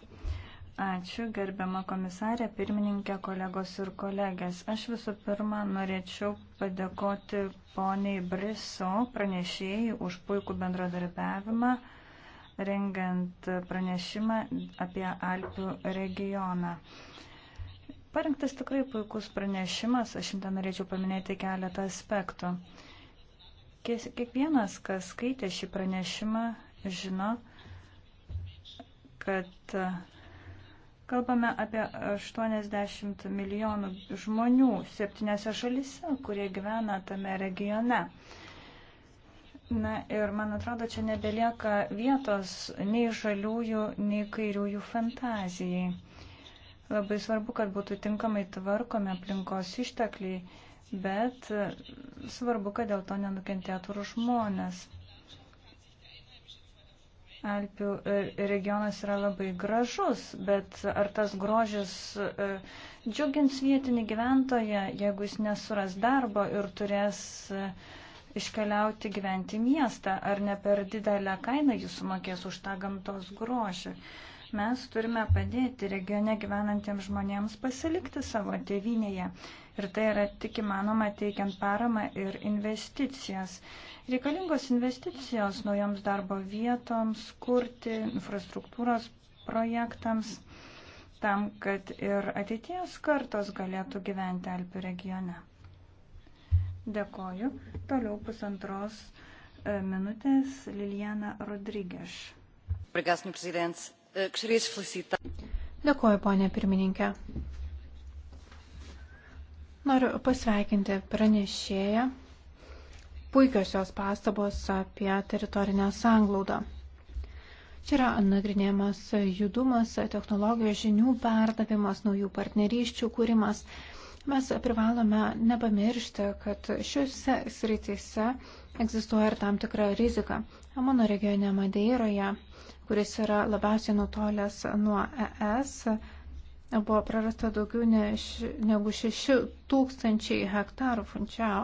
Ačiū, gerbiama komisarė, pirmininkė, kolegos ir kolegės. Aš visų pirma norėčiau padėkoti poniai Briso pranešėjai už puikų bendradarbiavimą, rengiant pranešimą apie Alpių regioną. Parinktas tikrai puikus pranešimas, aš šimtą norėčiau paminėti keletą aspektų. Kiekvienas, kas skaitė šį pranešimą, žino, kad Kalbame apie 80 milijonų žmonių septynėse šalise, kurie gyvena tame regione. Na ir man atrodo, čia nebelieka vietos nei žaliųjų, nei kairiųjų fantazijai. Labai svarbu, kad būtų tinkamai tvarkomi aplinkos ištekliai, bet svarbu, kad dėl to nenukentėtų ir žmonės. Alpių e, regionas yra labai gražus, bet ar tas grožis e, džiugins vietinį gyventoją, jeigu jis nesuras darbo ir turės e, iškeliauti gyventi į miestą, ar ne per didelę kainą jis sumokės už tą gamtos grožį. Mes turime padėti regione gyvenantiems žmonėms pasilikti savo tėvynėje. Ir tai yra tik įmanoma teikiant paramą ir investicijas. Reikalingos investicijos naujoms darbo vietoms, kurti infrastruktūros projektams, tam, kad ir ateities kartos galėtų gyventi Alpių regione. Dėkoju. Toliau pusantros e, minutės Liliana Rodrygeš. Eh, Dėkoju, ponė pirmininkė. Noriu pasveikinti pranešėją. Puikios jos pastabos apie teritorinę sanglaudą. Čia yra nagrinėjamas judumas, technologijos žinių perdavimas, naujų partnerysčių kūrimas. Mes privalome nepamiršti, kad šiuose srityse egzistuoja ir tam tikra rizika. Mano regione Madeiroje, kuris yra labiausiai nutolęs nuo ES, Buvo prarasta daugiau ne, negu 6 tūkstančiai hektarų funčiao.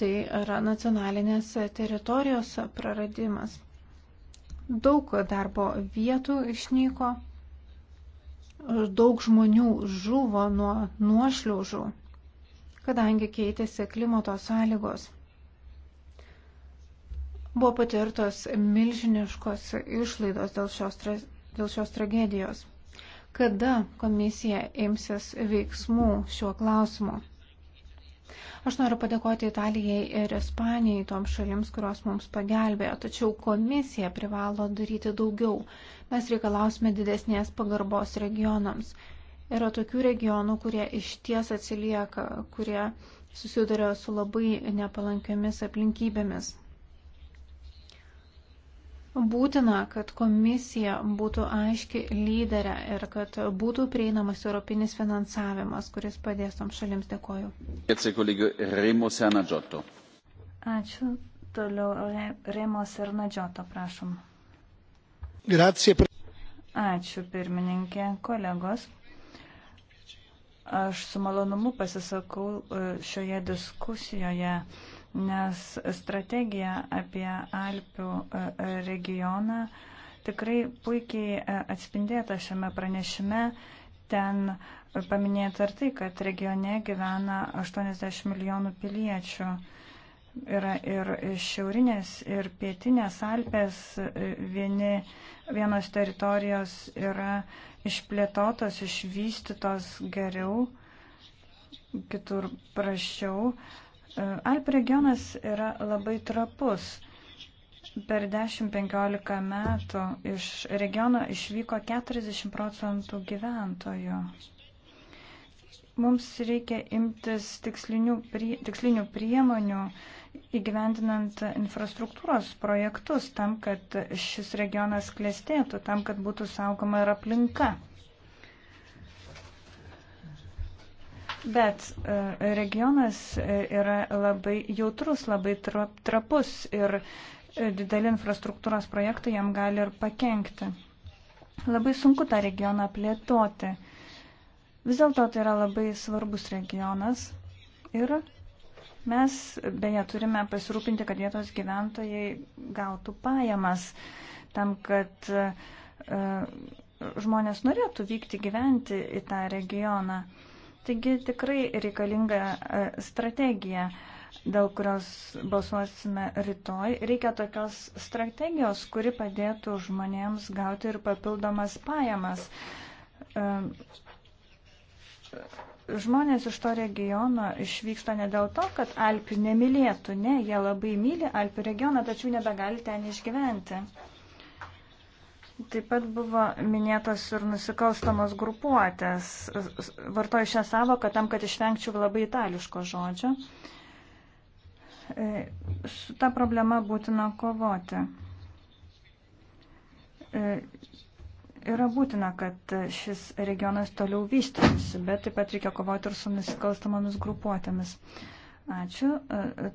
Tai yra nacionalinės teritorijos praradimas. Daug darbo vietų išnyko, daug žmonių žuvo nuo nuošliaužų, kadangi keitėsi klimato sąlygos buvo patirtos milžiniškos išlaidos dėl šios, tra dėl šios tragedijos kada komisija imsis veiksmų šiuo klausimu. Aš noriu padėkoti Italijai ir Ispanijai, toms šalims, kurios mums pagelbėjo, tačiau komisija privalo daryti daugiau. Mes reikalausime didesnės pagarbos regionams. Yra tokių regionų, kurie iš ties atsilieka, kurie susiduria su labai nepalankiomis aplinkybėmis. Būtina, kad komisija būtų aiški lyderė ir kad būtų prieinamas europinis finansavimas, kuris padės tom šalims. Dėkoju. Ačiū. Toliau Remo Sernadžioto, prašom. Grazie. Ačiū, pirmininkė, kolegos. Aš su malonumu pasisakau e, šioje diskusijoje nes strategija apie Alpių e, regioną tikrai puikiai e, atspindėta šiame pranešime. Ten paminėta ir tai, kad regione gyvena 80 milijonų piliečių. Yra ir šiaurinės, ir pietinės Alpės e, vieni, vienos teritorijos yra išplėtotos, išvystytos geriau, kitur prašiau. Uh, Alp regionas yra labai trapus. Per 10-15 metų iš regiono išvyko 40 procentų gyventojų. Mums reikia imtis tikslinių, prie, tikslinių priemonių įgyvendinant infrastruktūros projektus tam, kad šis regionas klestėtų, tam, kad būtų saugoma ir aplinka. Bet e, regionas e, yra labai jautrus, labai trapus ir e, dideli infrastruktūros projektai jam gali ir pakengti. Labai sunku tą regioną plėtoti. Vis dėlto tai yra labai svarbus regionas ir mes beje turime pasirūpinti, kad vietos gyventojai gautų pajamas tam, kad uh, žmonės norėtų vykti gyventi į tą regioną. Uh, Taigi tikrai reikalinga e, strategija, dėl kurios balsuosime rytoj. Reikia tokios strategijos, kuri padėtų žmonėms gauti ir papildomas pajamas. E, žmonės iš to regiono išvyksta ne dėl to, kad Alpių nemylėtų, ne, jie labai myli Alpių regioną, tačiau nebegali ten išgyventi. Taip pat buvo minėtos ir nusikalstamos grupuotės. Vartoju šią savoką tam, kad išvengčiau labai itališko žodžio. Su ta problema būtina kovoti. Yra būtina, kad šis regionas toliau vystytųsi, bet taip pat reikia kovoti ir su nusikalstamomis grupuotėmis. Ačiū.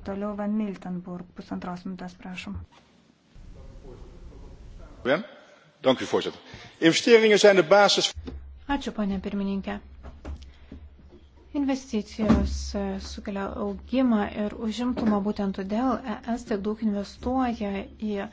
Toliau Van Miltenburg. Pusantros minutės, prašom. Vien? voorzitter investeringen zijn de basis. ačiū pone pirmininke investicijos e, sukelia augimą ir užimtumą būtent todėl es tiek daug investuoja į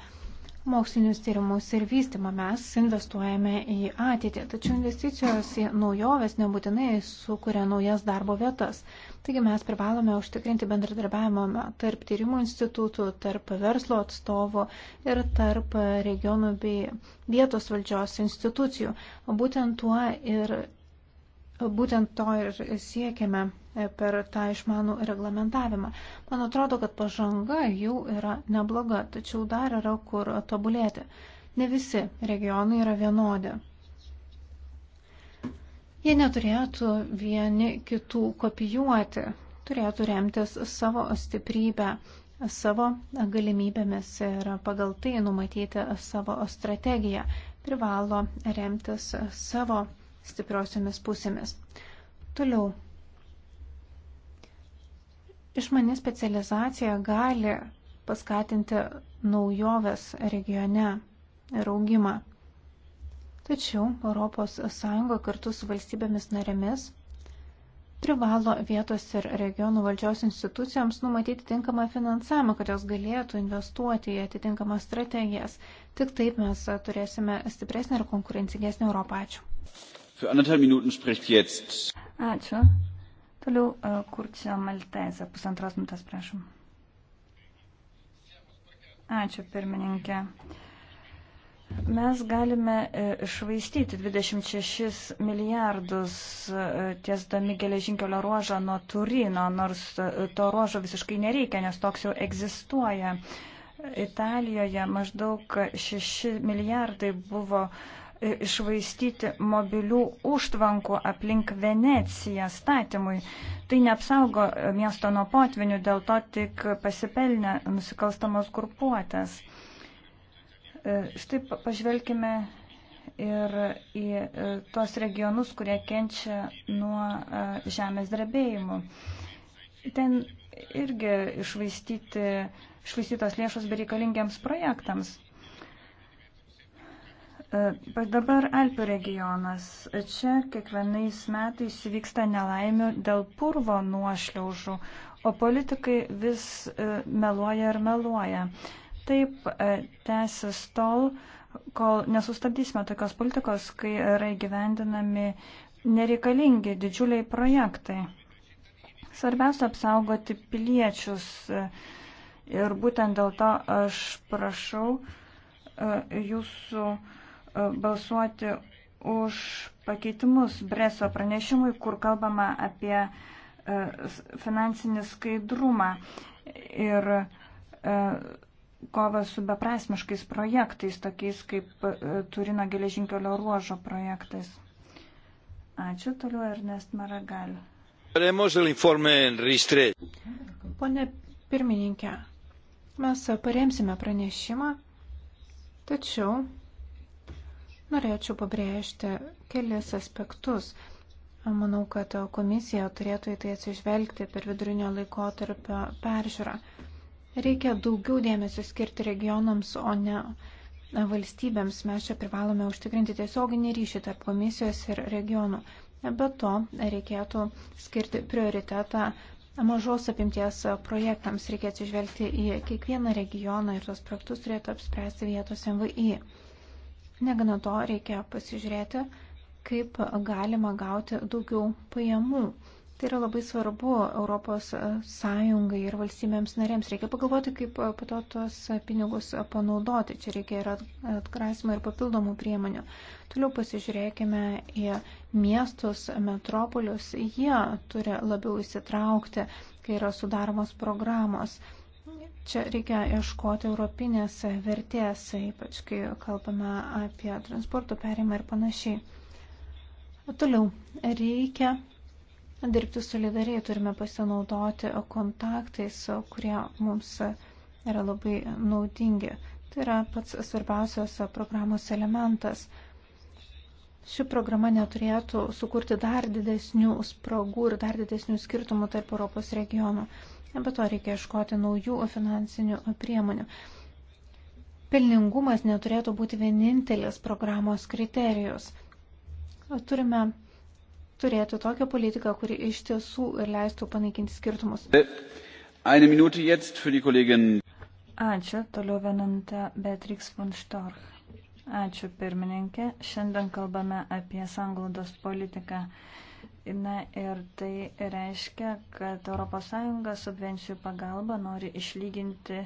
mokslinius tyrimus ir vystimą. Mes investuojame į ateitį, tačiau investicijos į naujoves nebūtinai sukuria naujas darbo vietas. Taigi mes privalome užtikrinti bendradarbiavimą tarp tyrimų institutų, tarp verslo atstovų ir tarp regionų bei vietos valdžios institucijų. Būtent, tuo ir, būtent to ir siekiame per tą išmanų reglamentavimą. Man atrodo, kad pažanga jau yra nebloga, tačiau dar yra kur tobulėti. Ne visi regionai yra vienodi. Jie neturėtų vieni kitų kopijuoti, turėtų remtis savo stiprybę, savo galimybėmis ir pagal tai numatyti savo strategiją, privalo remtis savo stipriosiomis pusėmis. Toliau Išmani specializacija gali paskatinti naujoves regione ir augimą. Tačiau ES kartu su valstybėmis narėmis privalo vietos ir regionų valdžios institucijoms numatyti tinkamą finansavimą, kad jos galėtų investuoti į atitinkamas strategijas. Tik taip mes turėsime stipresnį ir konkurencingesnį Europą. Ačiū. Ačiū. Toliau e, Kurcio Maltese, pusantros minutės, prašom. Ačiū, pirmininkė. Mes galime e, išvaistyti 26 milijardus e, tiesdami geležinkelio ruožą nuo Turino, nors to ruožo visiškai nereikia, nes toks jau egzistuoja. Italijoje maždaug 6 milijardai buvo uh, išvaistyti mobilių užtvankų aplink Veneciją statymui. Tai neapsaugo miesto nuo potvinių, dėl to tik pasipelnė nusikalstamos grupuotės. E, štai pažvelkime ir į e, tuos regionus, kurie kenčia nuo e, žemės drebėjimų. Ten irgi išvaistytos lėšos bereikalingiams projektams. Dabar Alpių regionas. Čia kiekvienais metais vyksta nelaimių dėl purvo nuošliaužų, o politikai vis e, meluoja ir meluoja. Taip e, tęsis tol, kol nesustabdysime tokios politikos, kai yra įgyvendinami nereikalingi didžiuliai projektai. Svarbiausia apsaugoti piliečius e, ir būtent dėl to aš prašau jūsų balsuoti už pakeitimus Breso pranešimui, kur kalbama apie e, finansinį skaidrumą ir e, kovą su beprasmiškais projektais, tokiais kaip e, Turino geležinkelio ruožo projektais. Ačiū toliau Ernest Maragal. Pone pirmininkė, mes paremsime pranešimą, tačiau Norėčiau pabrėžti kelis aspektus. Manau, kad komisija turėtų į tai atsižvelgti per vidurinio laikotarpio peržiūrą. Reikia daugiau dėmesio skirti regionams, o ne valstybėms. Mes čia privalome užtikrinti tiesioginį ryšį tarp komisijos ir regionų. Be to, reikėtų skirti prioritetą mažos apimties projektams. Reikia atsižvelgti į kiekvieną regioną ir tos projektus turėtų apspręsti vietos MVI. Negana to reikia pasižiūrėti, kaip galima gauti daugiau pajamų. Tai yra labai svarbu Europos Sąjungai ir valstybėms narėms. Reikia pagalvoti, kaip po to tuos pinigus panaudoti. Čia reikia ir atgrasimo ir papildomų priemonių. Toliau pasižiūrėkime į miestus, metropolius. Jie turi labiau įsitraukti, kai yra sudaromos programos. Čia reikia ieškoti europinės vertės, ypač kai kalbame apie transporto perimą ir panašiai. Toliau, reikia dirbti solidariai, turime pasinaudoti kontaktais, kurie mums yra labai naudingi. Tai yra pats svarbiausias programos elementas. Ši programa neturėtų sukurti dar didesnių spragų ir dar didesnių skirtumų tarp Europos regionų. Be to reikia iškoti naujų finansinių priemonių. Pelningumas neturėtų būti vienintelis programos kriterijus. Turime turėti tokią politiką, kuri iš tiesų ir leistų panaikinti skirtumus. Ačiū, toliau vienantą Beatrix von Storch. Ačiū pirmininkė. Šiandien kalbame apie sanglaudos politiką. Na ir tai reiškia, kad ES subvencijų pagalba nori išlyginti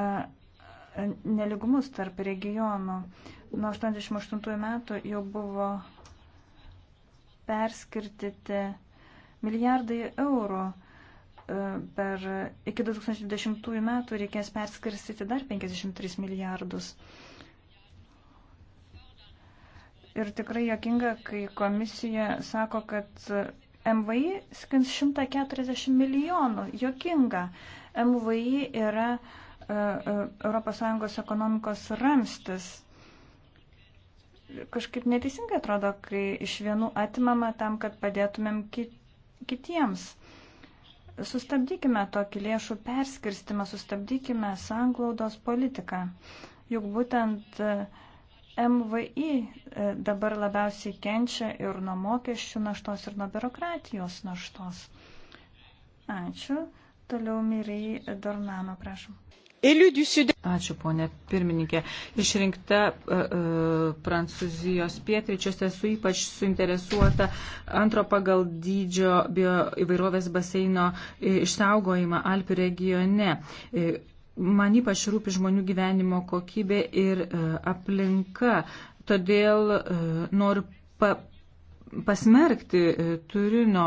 uh, neligumus tarp regionų. Nuo 88 metų jau buvo perskirtyti milijardai eurų. Uh, per iki 2020 metų reikės perskirstyti dar 53 milijardus. Uh, ir tikrai jokinga, kai komisija sako, kad MVI skins 140 milijonų. Jokinga. MVI yra ES e, ekonomikos ramstis. Kažkaip neteisingai atrodo, kai iš vienų atimama tam, kad padėtumėm kitiems. Sustabdykime tokį lėšų perskirstimą, sustabdykime sanglaudos politiką. Juk būtent uh, MVI e, dabar labiausiai kenčia ir nuo mokesčių naštos, ir nuo biurokratijos naštos. Ačiū. Toliau Mirai Dornano, prašom. Ačiū, ponė pirmininkė. Išrinkta uh, Prancūzijos pietryčiuose esu ypač suinteresuota antro pagal dydžio bio įvairovės baseino išsaugojimą Alpių regione. Uh, man ypač rūpi žmonių gyvenimo kokybė ir e, aplinka. Todėl e, noriu pa, pasmerkti e, turino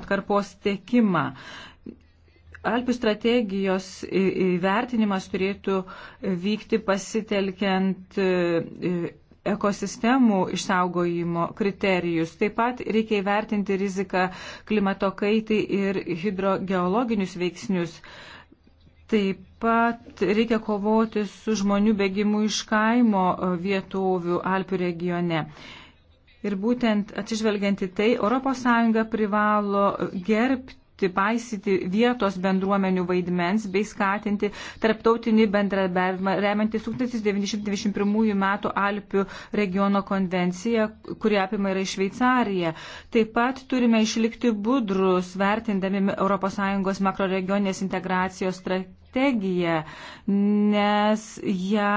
atkarpos tiekimą. Alpių strategijos įvertinimas turėtų vykti pasitelkiant ekosistemų išsaugojimo kriterijus. Taip pat reikia įvertinti riziką klimato kaitai ir hidrogeologinius veiksnius. Uh, Taip pat reikia kovoti su žmonių bėgimu iš kaimo e, vietovių Alpių regione. Ir būtent atsižvelgiant į tai, ES privalo gerbti paisyti vietos bendruomenių vaidmens bei skatinti tarptautinį bendradarbiavimą, remiantis 1921 m. Alpių regiono konvenciją, kuri apima yra Šveicarija. Taip pat turime išlikti budrus, vertindami ES makroregioninės integracijos strategiją strategiją, nes, ją,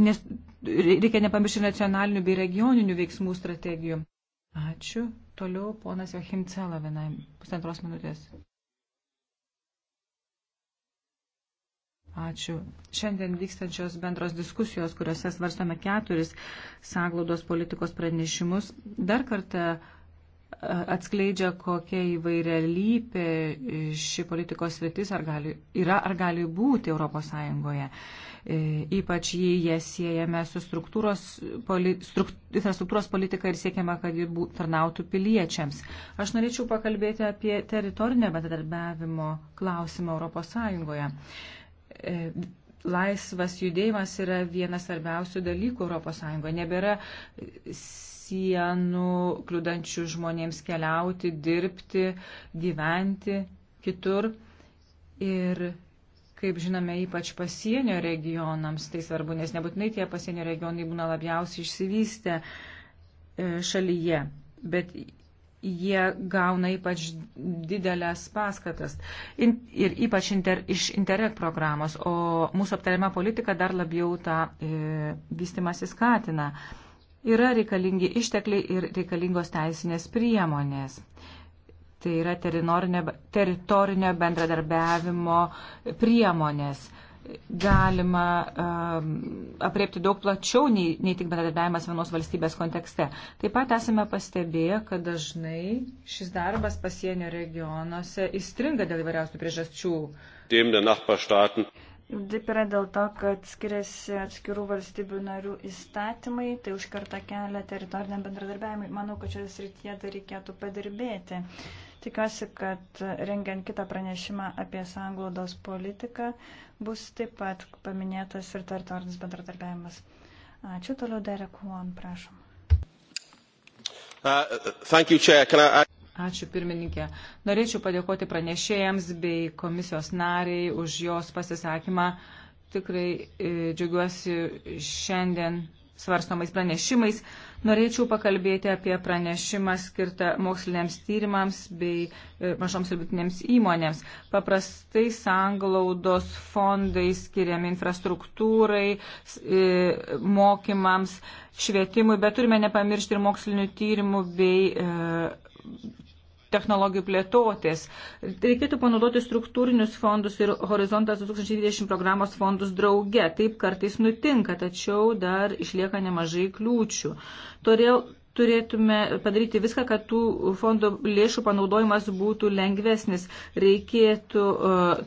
nes reikia nepamiršti nacionalinių bei regioninių veiksmų strategijų. Ačiū. Toliau ponas Joachim Cela vienai pusantros minutės. Ačiū. Šiandien vykstančios bendros diskusijos, kuriuose svarstame keturis sąglaudos politikos pranešimus, dar kartą uh, atskleidžia, kokia įvairialypė ši politikos sritis ar gali, yra ar gali būti ES. E, ypač jei jie siejame su struktūros, poli, struk, infrastruktūros politika ir siekiama, kad ji būtų tarnautų piliečiams. Aš norėčiau pakalbėti apie teritorinio bendradarbiavimo klausimą ES. E, laisvas judėjimas yra vienas svarbiausių dalykų ES. Nebėra sienų, kliudančių žmonėms keliauti, dirbti, gyventi kitur. Ir, kaip žinome, ypač pasienio regionams tai svarbu, nes nebūtinai tie pasienio regionai būna labiausiai išsivystę e, šalyje, bet jie gauna ypač didelės paskatas In, ir ypač inter, iš Interreg programos, o mūsų aptariama politika dar labiau tą e, vystimąsi skatina. E, yra reikalingi ištekliai ir reikalingos teisinės priemonės. Tai yra teritorinio bendradarbiavimo priemonės. Galima um, apriepti daug plačiau nei, nei tik bendradarbiavimas vienos valstybės kontekste. Taip pat esame pastebėję, kad dažnai šis darbas pasienio regionuose įstringa dėl įvairiausių priežasčių. Dem der Nachbarstaaten Taip yra dėl to, kad skiriasi atskirų valstybių narių įstatymai, tai užkarta kelią teritoriniam bendradarbiavimui. Manau, kad šioje srityje dar tai reikėtų padirbėti. Tikiuosi, kad rengiant kitą pranešimą apie sanglaudos politiką bus taip pat paminėtas ir teritorinis bendradarbiavimas. Ačiū toliau, Derek Huon, prašom. Uh, you, I... Ačiū pirmininkė. Norėčiau padėkoti pranešėjams bei komisijos nariai už jos pasisakymą. Tikrai e, džiaugiuosi šiandien svarstomais pranešimais. Norėčiau pakalbėti apie pranešimą skirtą moksliniams tyrimams bei e, mažoms ir vidutinėms įmonėms. Paprastai sanglaudos fondai skiriami infrastruktūrai, e, mokymams, švietimui, bet turime nepamiršti ir mokslinių tyrimų bei technologijų plėtotės. Reikėtų panaudoti struktūrinius fondus ir Horizontas 2020 programos fondus drauge. Taip kartais nutinka, tačiau dar išlieka nemažai kliūčių. Todėl turėtume padaryti viską, kad tų fondo lėšų panaudojimas būtų lengvesnis. Reikėtų uh,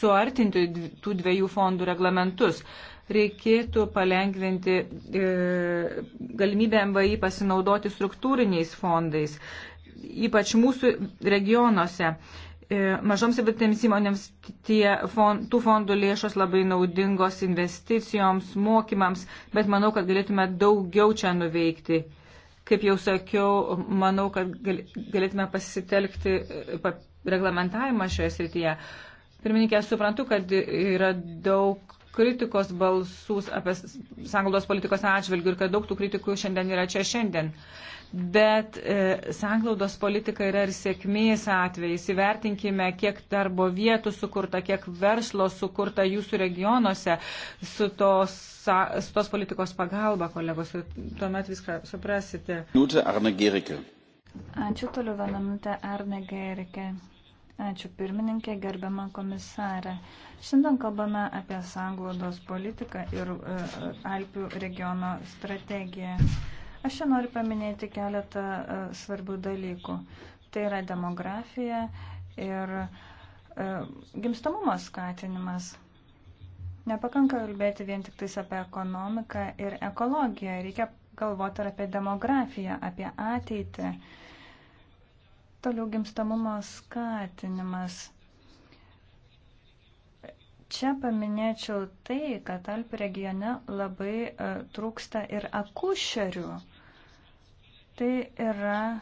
suartinti tų dviejų fondų reglamentus. Reikėtų palengvinti e, galimybę MVI pasinaudoti struktūriniais fondais ypač mūsų regionuose. E, mažoms ir vidutinėms įmonėms tie fond, tų fondų lėšos labai naudingos investicijoms, mokymams, bet manau, kad galėtume daugiau čia nuveikti. Kaip jau sakiau, manau, kad galėtume pasitelkti e, reglamentavimą šioje srityje. Pirmininkė, suprantu, kad yra daug kritikos balsus apie sanglos politikos atžvilgių ir kad daug tų kritikų šiandien yra čia šiandien. Uh, bet e, sanglaudos politika yra ir sėkmės atvejais. Įvertinkime, kiek darbo vietų sukurta, kiek verslo sukurta jūsų regionuose su tos, su tos politikos pagalba, kolegos. Tuomet viską suprasite. Ačiū toliau vieną minutę, Arne Gerike. Ačiū pirmininkė, gerbiama komisarė. Šiandien kalbame apie sanglaudos politiką ir e, Alpių regiono strategiją. E, Aš čia noriu paminėti keletą e, svarbių dalykų. Tai yra demografija ir e, gimstamumo skatinimas. Nepakanka kalbėti vien tik tais apie ekonomiką ir ekologiją. Reikia galvoti ir apie demografiją, apie ateitį. Toliau gimstamumo skatinimas. Čia paminėčiau tai, kad Alp regione labai uh, trūksta ir akušerių. Tai yra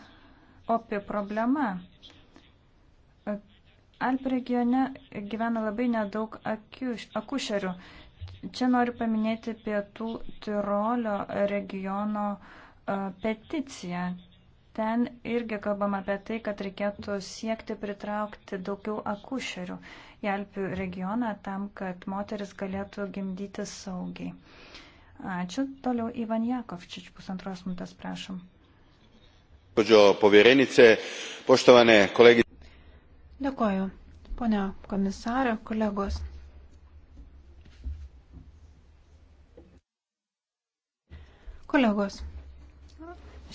opi problema. Alp regione gyvena labai nedaug akiuš, akušerių. Čia noriu paminėti pietų Tirolio regiono uh, peticiją. Ten irgi kalbama apie tai, kad reikėtų siekti pritraukti daugiau akušerių į Alpių regioną tam, kad moteris galėtų gimdyti saugiai. Ačiū. Toliau Ivan Jakovčič, pusantros minutės, prašom gospođo povjerenice poštovane kolegice dėkoju pone komisare kolegos kolegos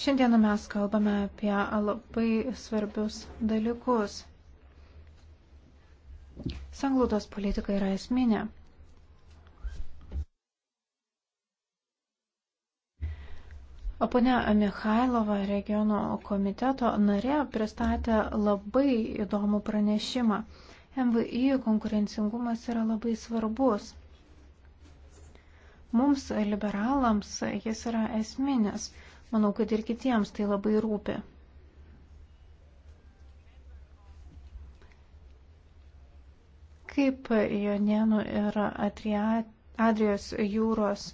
šiandieną mes kalbame apie labai svarbius dalykus sanglaudos politika yra esminė Pone Mikhailova, regiono komiteto narė, pristatė labai įdomų pranešimą. MVI konkurencingumas yra labai svarbus. Mums, liberalams, jis yra esminis. Manau, kad ir kitiems tai labai rūpi. Kaip Jonėnų ir Adrijos jūros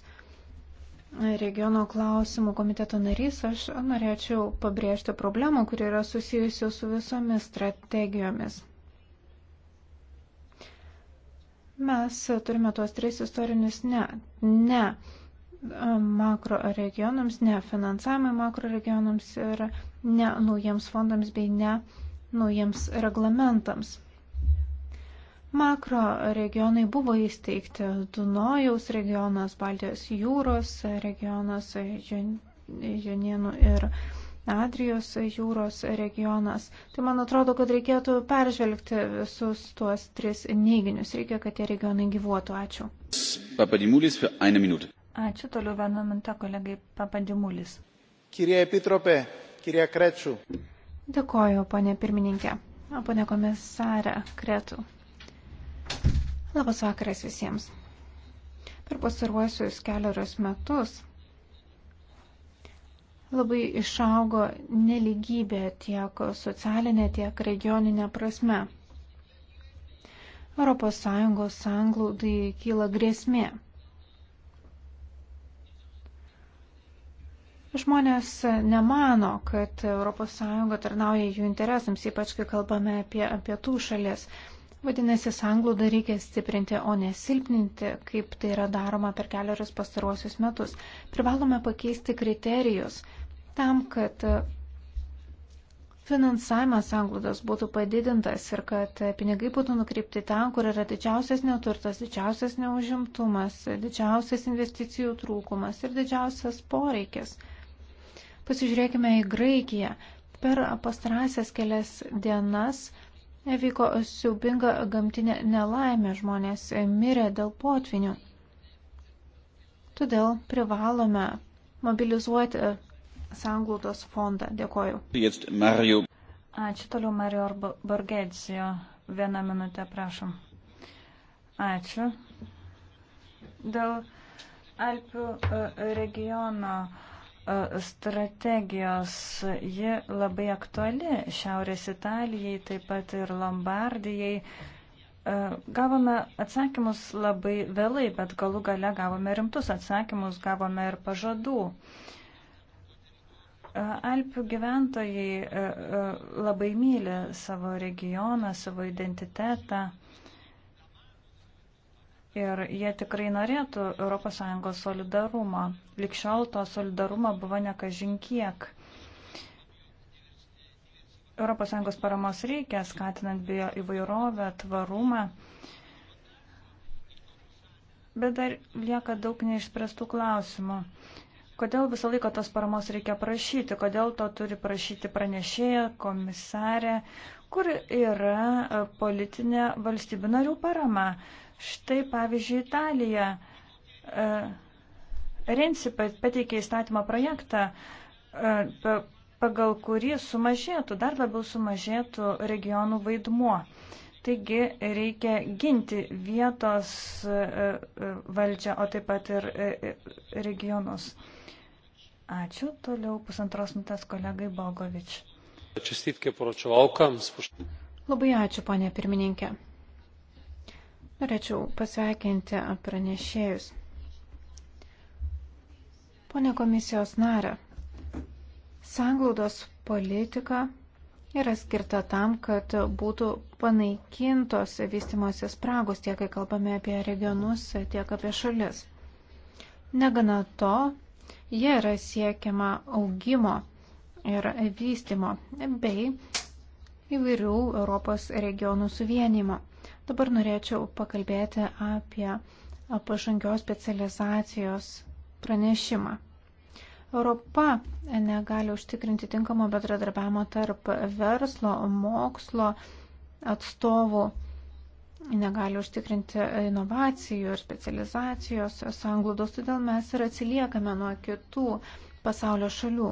regiono klausimų komiteto narys, aš norėčiau pabrėžti problemą, kuri yra susijusi su visomis strategijomis. Mes turime tuos tris istorinius ne, ne e, makro regionams, ne finansavimui makro regionams ir ne naujiems fondams bei ne naujiems reglamentams. Makro regionai buvo įsteigti Dunojaus regionas, Baltijos jūros regionas, Jonienų ir Adrijos jūros regionas. Tai man atrodo, kad reikėtų peržvelgti visus tuos tris neiginius. Reikia, kad tie regionai gyvuotų. Ačiū. Papadimulis, vieną minutę. Ačiū toliau vieną minutę kolegai Papadimulis. Kirie Pitropė, kirie Krečių. Dėkoju, ponė pirmininkė. O ponė komisarė Kretų. Labas vakaras visiems. Per pasiruosius keliarius metus labai išaugo neligybė tiek socialinė, tiek regioninė prasme. ES sanglaudai kyla grėsmė. Žmonės nemano, kad ES tarnauja jų interesams, ypač kai kalbame apie pietų šalis. Vadinasi, sanglaudą reikia stiprinti, o nesilpninti, kaip tai yra daroma per keliarius pastaruosius metus. Privalome pakeisti kriterijus tam, kad finansavimas sanglaudos būtų padidintas ir kad pinigai būtų nukreipti ten, kur yra didžiausias neturtas, didžiausias neužimtumas, didžiausias investicijų trūkumas ir didžiausias poreikis. Pasižiūrėkime į Graikiją. Per pastarąsias kelias dienas vyko siubinga gamtinė nelaimė, žmonės mirė dėl potvinių. Todėl privalome mobilizuoti sanglaudos fondą. Dėkoju. Ačiū toliau Mario Borgėdžijo. Vieną minutę, prašom. Ačiū. Dėl Alpių e, regiono strategijos. Ji labai aktuali Šiaurės Italijai, taip pat ir Lombardijai. Gavome atsakymus labai vėlai, bet galų gale gavome rimtus atsakymus, gavome ir pažadų. Alpių gyventojai labai myli savo regioną, savo identitetą. Ir jie tikrai norėtų ES solidarumo likščiol to solidarumo buvo nekažin kiek. ES paramos reikia, skatinant bio įvairovę, tvarumą, bet dar lieka daug neišspręstų klausimų. Kodėl visą laiką tos paramos reikia prašyti, kodėl to turi prašyti pranešėja, komisarė, kur yra e, politinė valstybių narių parama. Štai pavyzdžiui Italija. E, Rensi pateikė įstatymo projektą, e, pagal kurį sumažėtų, dar labiau sumažėtų regionų vaidmuo. Taigi reikia ginti vietos e, e, valdžią, o taip pat ir regionus. Ačiū. Toliau pusantros minutės kolegai Bogovič. Labai ačiū, ponė pirmininkė. Norėčiau pasveikinti pranešėjus. Pone komisijos narė, sanglaudos politika yra skirta tam, kad būtų panaikintos vystimosi spragos, tiek kai kalbame apie regionus, tiek apie šalis. Negana to, jie yra siekiama augimo ir vystimo bei įvairių Europos regionų suvienimo. Dabar norėčiau pakalbėti apie pažangios specializacijos pranešimą. Europa negali užtikrinti tinkamo bendradarbiavimo tarp verslo, mokslo atstovų, negali užtikrinti inovacijų ir specializacijos sanglaudos, todėl mes ir atsiliekame nuo kitų pasaulio šalių.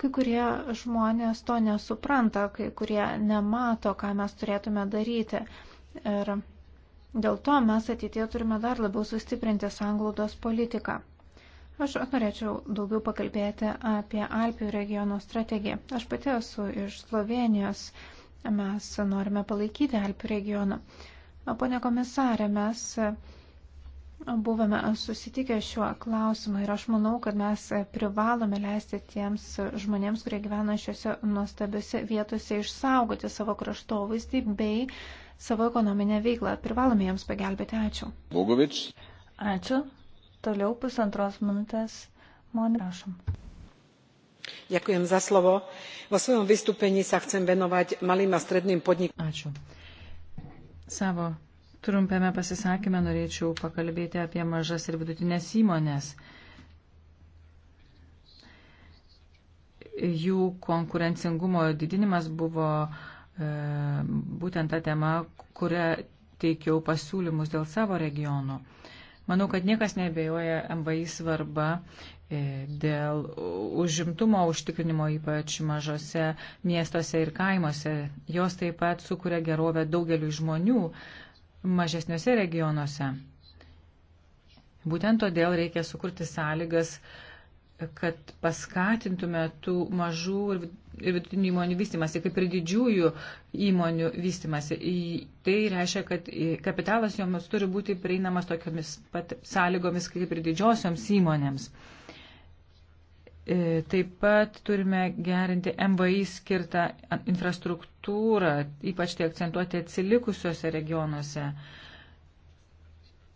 Kai kurie žmonės to nesupranta, kai kurie nemato, ką mes turėtume daryti. Ir Dėl to mes ateitie turime dar labiau sustiprinti sanglaudos politiką. Aš norėčiau daugiau pakalbėti apie Alpių regiono strategiją. Aš pati esu iš Slovenijos. Mes norime palaikyti Alpių regioną. Pone komisarė, mes buvome susitikę šiuo klausimu ir aš manau, kad mes privalome leisti tiems žmonėms, kurie gyvena šiuose nuostabiuose vietose, išsaugoti savo kraštovaizdį bei savo ekonominę veiklą. Privalome jiems pagelbėti. Ačiū. Bogovič. Ačiū. Toliau pusantros minutės. Mon, prašom. Ďakujem za slovo. Vo svojom vystúpení sa chcem venovať malým a stredným podnikom. Ačiū. Savo trumpiame pasisakymę norėčiau pakalbėti apie mažas ir vidutinės įmonės. Jų konkurencingumo didinimas buvo uh, E, būtent tą temą, kurią teikiau pasiūlymus dėl savo regionų. Manau, kad niekas nebejoja MVI svarba e, dėl užimtumo užtikrinimo ypač mažose miestuose ir kaimuose. Jos taip pat sukuria gerovę daugeliu žmonių mažesniuose regionuose. Būtent todėl reikia sukurti sąlygas, kad paskatintume tų mažų ir ir vidutinių įmonių vystimasi, kaip ir didžiųjų įmonių vystimasi. Tai reiškia, kad kapitalas joms turi būti prieinamas tokiamis pat sąlygomis, kaip ir didžiosioms įmonėms. E, taip pat turime gerinti MVI skirtą infrastruktūrą, ypač tai akcentuoti atsilikusiuose regionuose.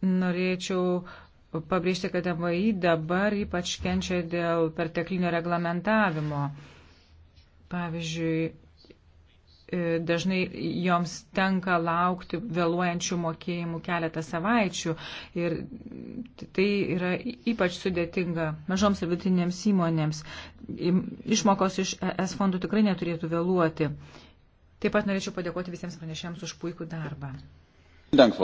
Norėčiau pabrėžti, kad MVI dabar ypač kenčia dėl perteklinio reglamentavimo. Pavyzdžiui, e, dažnai joms tenka laukti vėluojančių mokėjimų keletą savaičių ir tai yra ypač sudėtinga mažoms ir vidutinėms įmonėms. Išmokos iš ES fondų tikrai neturėtų vėluoti. Taip pat norėčiau padėkoti visiems pranešėjams už puikų darbą. Dank,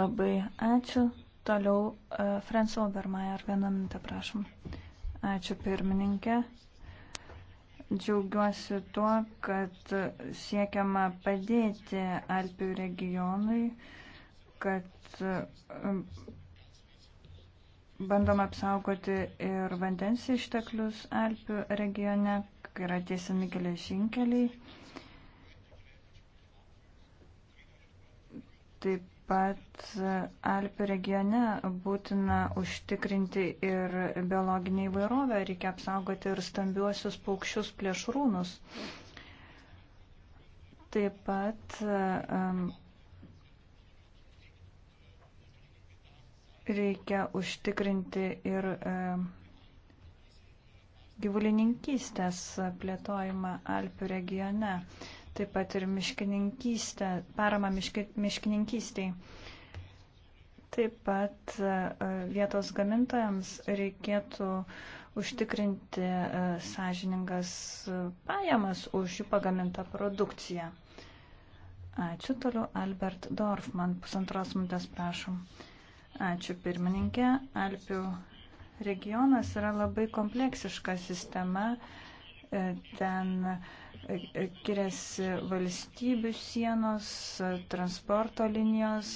Labai ačiū. Toliau uh, e, Frans Obermeier, vieną minutę prašom. Ačiū pirmininkė. Džiaugiuosi tuo, kad siekiama padėti Alpių regionui, kad um, bandoma apsaugoti ir vandens išteklius Alpių regione, kai yra tiesiami geležinkeliai. Taip pat e, Alpių regione būtina užtikrinti ir biologinį įvairovę, reikia apsaugoti ir stambiuosius paukščius plėšrūnus. Taip pat um, reikia užtikrinti ir um, gyvulininkystės plėtojimą Alpių regione. Um, taip pat ir miškininkystę, parama miški, miškininkystiai. Taip pat e, vietos gamintojams reikėtų užtikrinti e, sąžiningas e, pajamas už jų pagamintą produkciją. Ačiū toliau Albert Dorfman, pusantros minutės prašom. Ačiū pirmininkė. Alpių regionas yra labai kompleksiška sistema. Ten uh, skiriasi valstybių sienos, transporto linijos.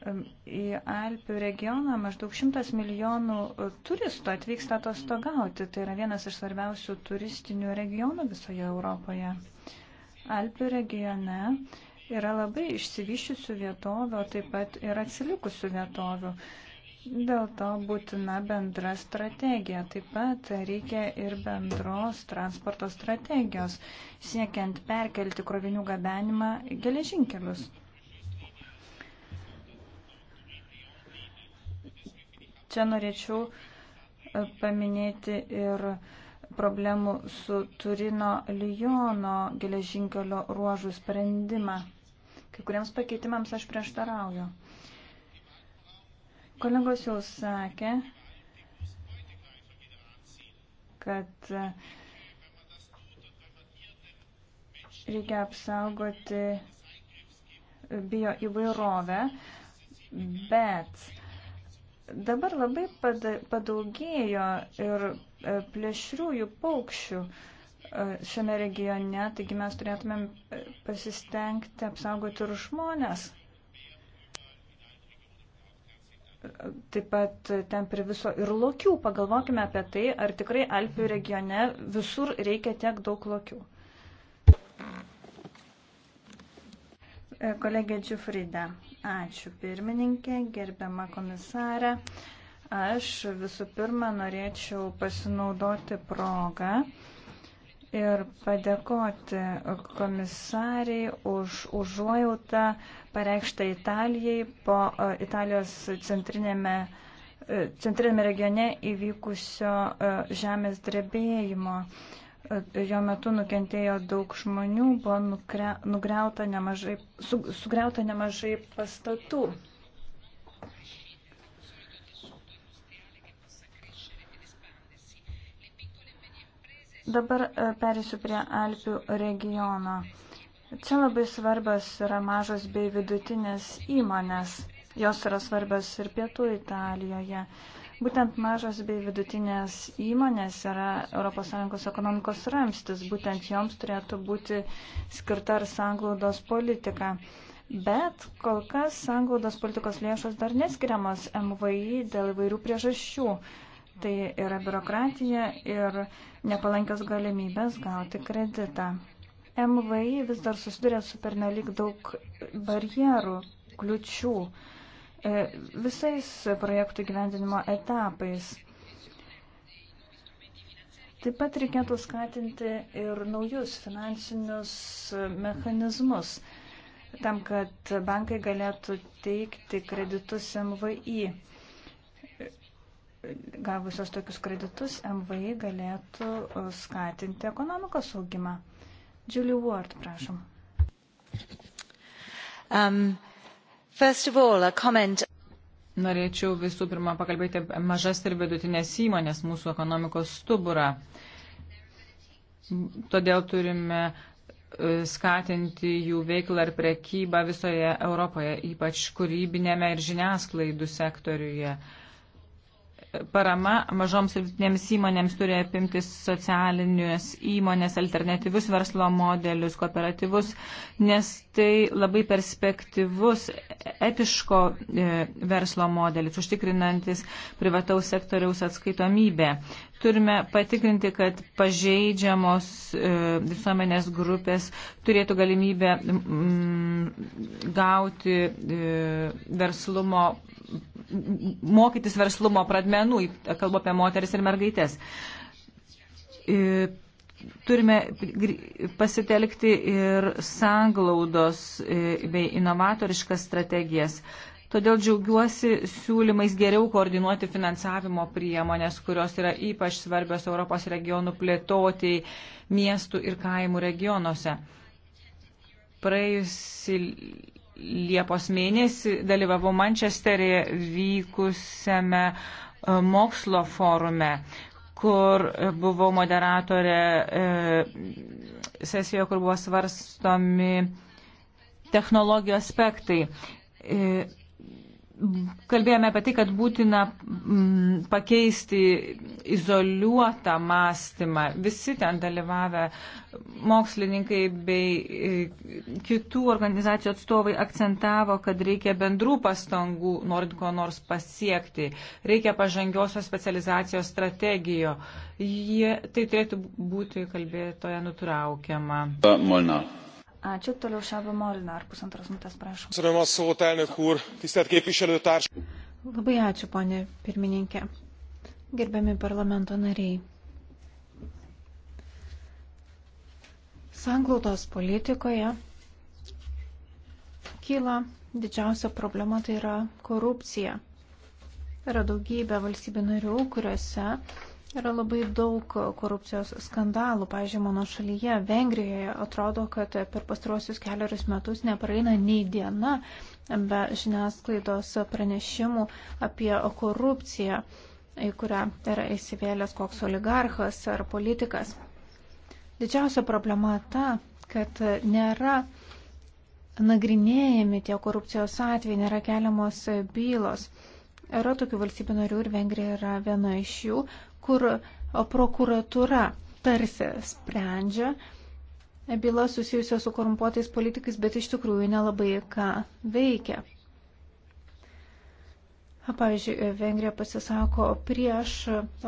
Į Alpių regioną maždaug šimtas milijonų turistų atvyksta atostogauti. Tai yra vienas iš svarbiausių turistinių regionų visoje Europoje. Alpių regione yra labai išsivyščiusių vietovių, taip pat ir atsilikusių vietovių. Dėl to būtina bendra strategija. Taip pat reikia ir bendros transporto strategijos, siekiant perkelti krovinių gabenimą geležinkelius. Čia norėčiau e, paminėti ir problemų su Turino Lijono geležinkelio ruožų sprendimą. Kai kuriems pakeitimams aš prieštarauju. Kolegos jau sakė, kad reikia apsaugoti bio įvairovę, bet dabar labai padaugėjo ir e, plėšriųjų paukščių e, šiame regione, taigi mes turėtumėm e, pasistengti apsaugoti ir žmonės. Taip pat ten priviso ir lokių. Pagalvokime apie tai, ar tikrai Alpių regione visur reikia tiek daug lokių. E, kolegė Džiufrida, ačiū pirmininkė, gerbiama komisarė. Aš visų pirma norėčiau pasinaudoti progą ir padėkoti komisariai už užuojautą pareikštą Italijai po e, Italijos centrinėme, e, centrinėme regione įvykusio e, žemės drebėjimo. Jo metu nukentėjo daug žmonių, buvo nugriauta nemažai, su, sugriauta nemažai pastatų. Dabar e, perėsiu prie Alpių regiono. Čia labai svarbios yra mažos bei vidutinės įmonės. Jos yra svarbios ir pietų Italijoje. Būtent mažos bei vidutinės įmonės yra ES ekonomikos ramstis. Būtent joms turėtų būti skirta ir sanglaudos politika. Bet kol kas sanglaudos politikos lėšos dar neskiriamos MVI dėl įvairių priežasčių. Tai yra biurokratija ir nepalankios galimybės gauti kreditą. MVI vis dar susiduria su pernelyg daug barjerų, kliučių e, visais projektų gyvendinimo etapais. Taip pat reikėtų skatinti ir naujus finansinius mechanizmus tam, kad bankai galėtų teikti kreditus MVI gavusios tokius kreditus, MVI galėtų uh, skatinti ekonomikos augimą. Julie Ward, prašom. Um, all, comment... Norėčiau visų pirma pakalbėti apie mažas ir vidutinės įmonės mūsų ekonomikos stuburą. Todėl turime uh, skatinti jų veiklą ir prekybą visoje Europoje, ypač kūrybinėme ir žiniasklaidų sektoriuje. Uh, parama mažoms ir vidutinėms įmonėms turi apimti socialinius įmonės, alternatyvius verslo modelius, kooperatyvus, nes tai labai perspektyvus etiško e, verslo modelis, užtikrinantis privataus sektoriaus atskaitomybę turime patikrinti, kad pažeidžiamos e, visuomenės grupės turėtų galimybę mm, gauti e, verslumo, mokytis verslumo pradmenų, kalbu apie moteris ir mergaitės. E, turime pasitelkti ir sanglaudos bei inovatoriškas strategijas. Todėl džiaugiuosi siūlymais geriau koordinuoti finansavimo priemonės, kurios yra ypač svarbios Europos regionų plėtotėjai miestų ir kaimų regionuose. Praėjusi Liepos mėnesį dalyvavau Mančesterėje vykusiame e, mokslo forume, kur buvau moderatorė e, sesijoje, kur buvo svarstomi technologijų aspektai. E, kalbėjome apie tai, kad būtina m, mm, pakeisti izoliuotą mąstymą. Visi ten dalyvavę mokslininkai bei e, kitų organizacijų atstovai akcentavo, kad reikia bendrų pastangų, norint ko nors pasiekti. Reikia pažangiosios specializacijos strategijo. Jie, tai turėtų būti kalbėtoje nutraukiama. Molnar. Ačiū, toliau Šabo Molina, ar pusantros minutės prašau. Labai ačiū, ponė pirmininkė. Gerbiami parlamento nariai. Sanglautos politikoje kyla didžiausia problema, tai yra korupcija. Yra daugybė valstybių narių, kuriuose Yra labai daug korupcijos skandalų. Pavyzdžiui, mano šalyje, Vengrijoje, atrodo, kad per pastaruosius keliarius metus nepraeina nei diena be žiniasklaidos pranešimų apie korupciją, į kurią yra įsivėlęs koks oligarchas ar politikas. Didžiausia problema ta, kad nėra nagrinėjami tie korupcijos atvejai, nėra keliamos bylos. Yra tokių valstybių narių ir Vengrija yra viena iš jų, kur prokuratura tarsi sprendžia bylą susijusią su korumpuotais politikais, bet iš tikrųjų nelabai ką veikia. Pavyzdžiui, Vengrija pasisako prieš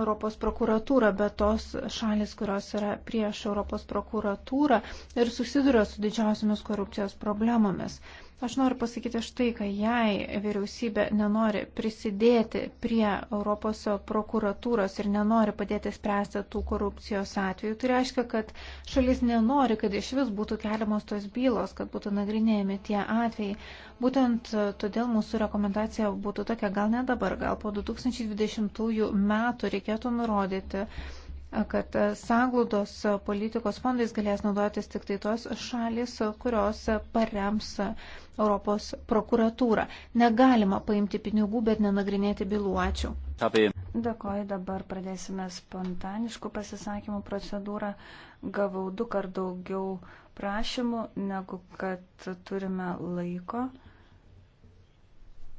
Europos prokuratūrą, bet tos šalis, kurios yra prieš Europos prokuratūrą ir susiduria su didžiausiamis korupcijos problemomis. Aš noriu pasakyti štai, kad jei vyriausybė nenori prisidėti prie Europos prokuratūros ir nenori padėti spręsti tų korupcijos atvejų, tai reiškia, kad šalis nenori, kad iš vis būtų keliamos tos bylos, kad būtų nagrinėjami tie atvejai. Būtent todėl mūsų rekomendacija būtų tokia, gal ne dabar, gal po 2020 metų reikėtų nurodyti kad sanglaudos politikos fondais galės naudotis tik tai tos šalis, kurios parems Europos prokuratūrą. Negalima paimti pinigų, bet nenagrinėti byluočių. Dėkoju, dabar pradėsime spontaniškų pasisakymų procedūrą. Gavau du kart daugiau prašymų, negu kad turime laiko.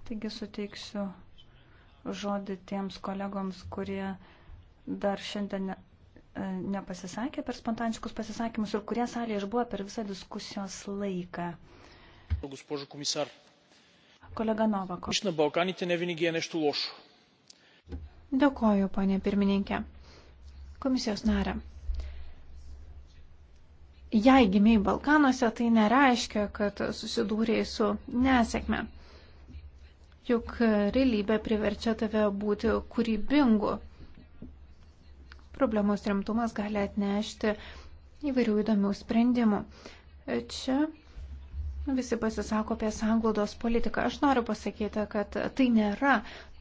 Taigi suteiksiu žodį tiems kolegoms, kurie dar šiandien ne, e, nepasisakė per spontaniškus pasisakymus ir kurie salėje išbuvo per visą diskusijos laiką. Госпожо комисар, kolega Novako. Iš na Balkanite ne vienigi je nešto lošo. Dėkoju, ponė pirmininkė. Komisijos narė. Jei gimiai Balkanuose, tai nereiškia, kad susidūrėjai su nesėkme. Juk realybė priverčia tave būti kūrybingu problemos rimtumas gali atnešti įvairių įdomių sprendimų. Čia visi pasisako apie sanglaudos politiką. Aš noriu pasakyti, kad tai nėra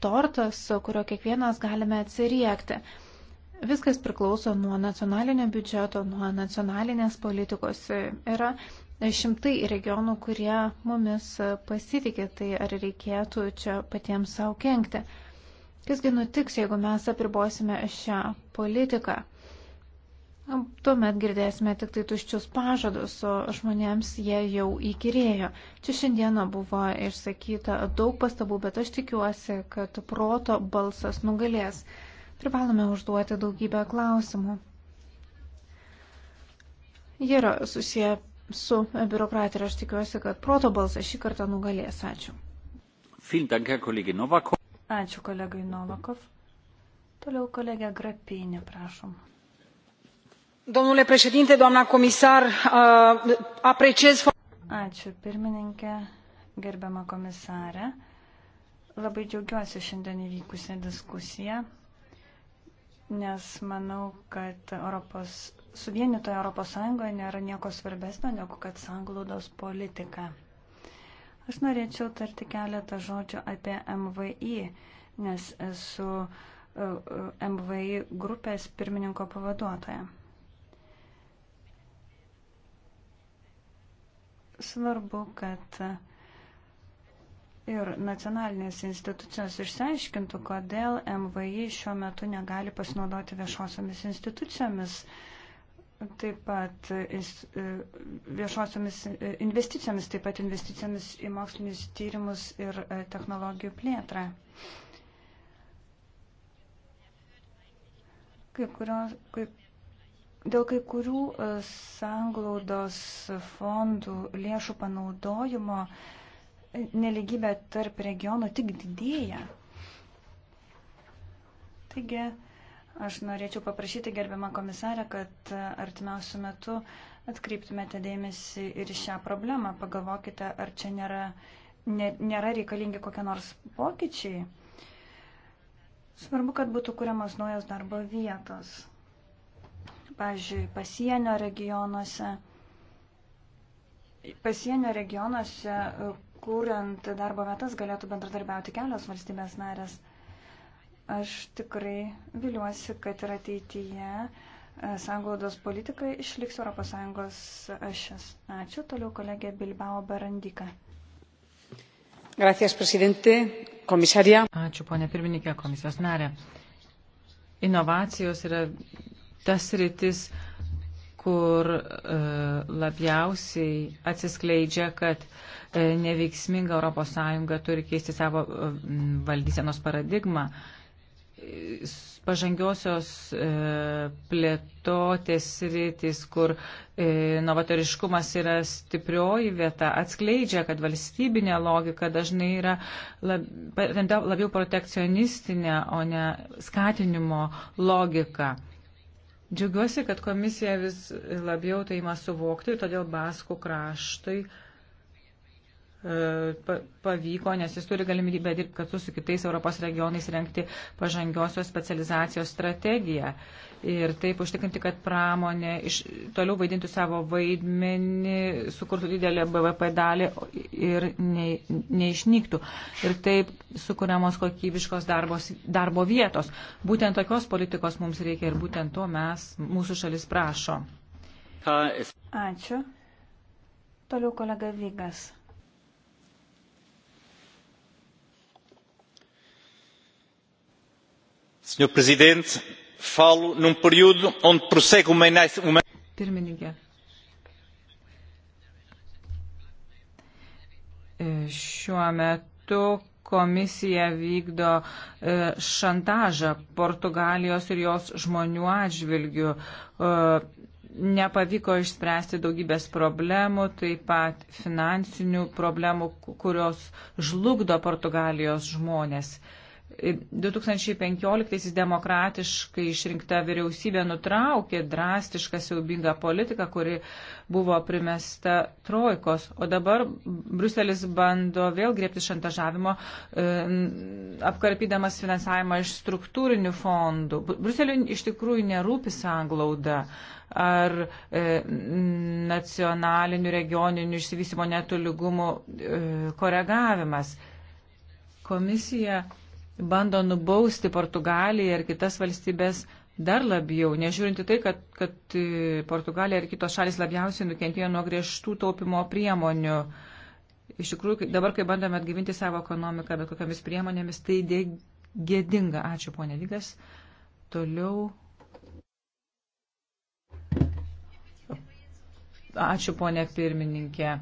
tortas, kurio kiekvienas galime atsiriekti. Viskas priklauso nuo nacionalinio biudžeto, nuo nacionalinės politikos. Yra šimtai regionų, kurie mumis pasitikė, tai ar reikėtų čia patiems savo kenkti. Kasgi nutiks, jeigu mes apribosime šią politiką? Tuomet girdėsime tik tai tuščius pažadus, o žmonėms jie jau įkyrėjo. Čia šiandieną buvo išsakyta daug pastabų, bet aš tikiuosi, kad proto balsas nugalės. Privalome užduoti daugybę klausimų. Jie yra susiję su biurokratija ir aš tikiuosi, kad proto balsas šį kartą nugalės. Ačiū. Vielen Dank, Herr Kollege Novakov. Ačiū kolegai Novakov. Toliau kolegė Grapinė, prašom. Domnule președinte, doamna comisar, apreciez. Ačiū pirmininkė, gerbiama komisarė. Labai džiaugiuosi šiandien įvykusią diskusiją, nes manau, kad Europos, suvienitoje Europos Sąjungoje nėra nieko svarbesnio negu kad sanglaudos politika. Aš norėčiau tarti keletą žodžių apie MVI, nes esu e, e, MVI grupės pirmininko pavaduotoja. Svarbu, kad ir nacionalinės institucijos išsiaiškintų, kodėl MVI šiuo metu negali pasinaudoti viešosiomis institucijomis, uh, taip pat e, e, viešosiomis e, investicijomis, taip pat investicijomis į mokslinius tyrimus ir technologijų plėtrą. Kai kurios, kai, dėl kai kurių sanglaudos fondų lėšų panaudojimo neligybė tarp regionų tik didėja. Taigi, Aš norėčiau paprašyti gerbiamą komisarę, kad e, artimiausių metų atkreiptumėte dėmesį ir šią problemą. Pagalvokite, ar čia nėra, nė, nėra reikalingi kokie nors pokyčiai. Svarbu, kad būtų kuriamas naujos darbo vietos. Pavyzdžiui, pasienio regionuose. Pasienio regionuose, e, kuriant darbo vietas, galėtų bendradarbiauti kelios valstybės narės. Aš tikrai viliuosi, kad ir ateityje e, sanglaudos politika išliks ES ašis. Ačiū. Toliau kolegė Bilbao Barandika. Gracias, presidente, komisarė. Ačiū, ponė pirmininkė, komisijos narė. Inovacijos yra tas rytis, kur e, labiausiai atsiskleidžia, kad e, neveiksminga ES turi keisti savo e, valdysenos paradigmą. E, pažangiosios e, plėtotės rytis, kur e, novatoriškumas yra stiprioji vieta, atskleidžia, kad valstybinė logika dažnai yra lab, labiau protekcionistinė, o ne skatinimo logika. Džiaugiuosi, kad komisija vis labiau tai ima suvokti ir todėl Baskų kraštui uh, E, pavyko, nes jis turi galimybę dirbti kartu su kitais Europos regionais renkti pažangiosios specializacijos strategiją ir taip užtikrinti, kad pramonė iš, toliau vaidintų savo vaidmenį, sukurtų didelę BVP dalį ir ne, neišnyktų. Ir taip sukūriamos kokybiškos darbos, darbo vietos. Būtent tokios politikos mums reikia ir būtent to mes, mūsų šalis prašo. Ačiū. Toliau kolega Vygas. Senhor Presidente, falo num período onde prossegue uma. uma... Pirmininkė. E, šiuo metu komisija vykdo e, šantažą Portugalijos ir jos žmonių atžvilgių. E, nepavyko išspręsti daugybės problemų, taip pat finansinių problemų, kurios žlugdo Portugalijos žmonės. Uh, 2015 demokratiškai išrinkta vyriausybė nutraukė drastišką siaubingą politiką, kuri buvo primesta trojkos. O dabar Bruselis bando vėl griebti šantažavimo, e, apkarpydamas finansavimą iš struktūrinių fondų. Bruseliui iš tikrųjų nerūpi sanglauda ar e, nacionalinių regioninių išsivysimo netolygumų e, koregavimas. Komisija bando nubausti Portugaliją ir kitas valstybės dar labiau, nežiūrinti tai, kad, kad e, Portugalija ir kitos šalis labiausiai nukentėjo nuo griežtų taupimo priemonių. Iš tikrųjų, dabar, kai bandome atgyvinti savo ekonomiką, bet kokiamis priemonėmis, tai gėdinga. Ačiū, ponė Vygas. Toliau. Ačiū, ponė pirmininkė.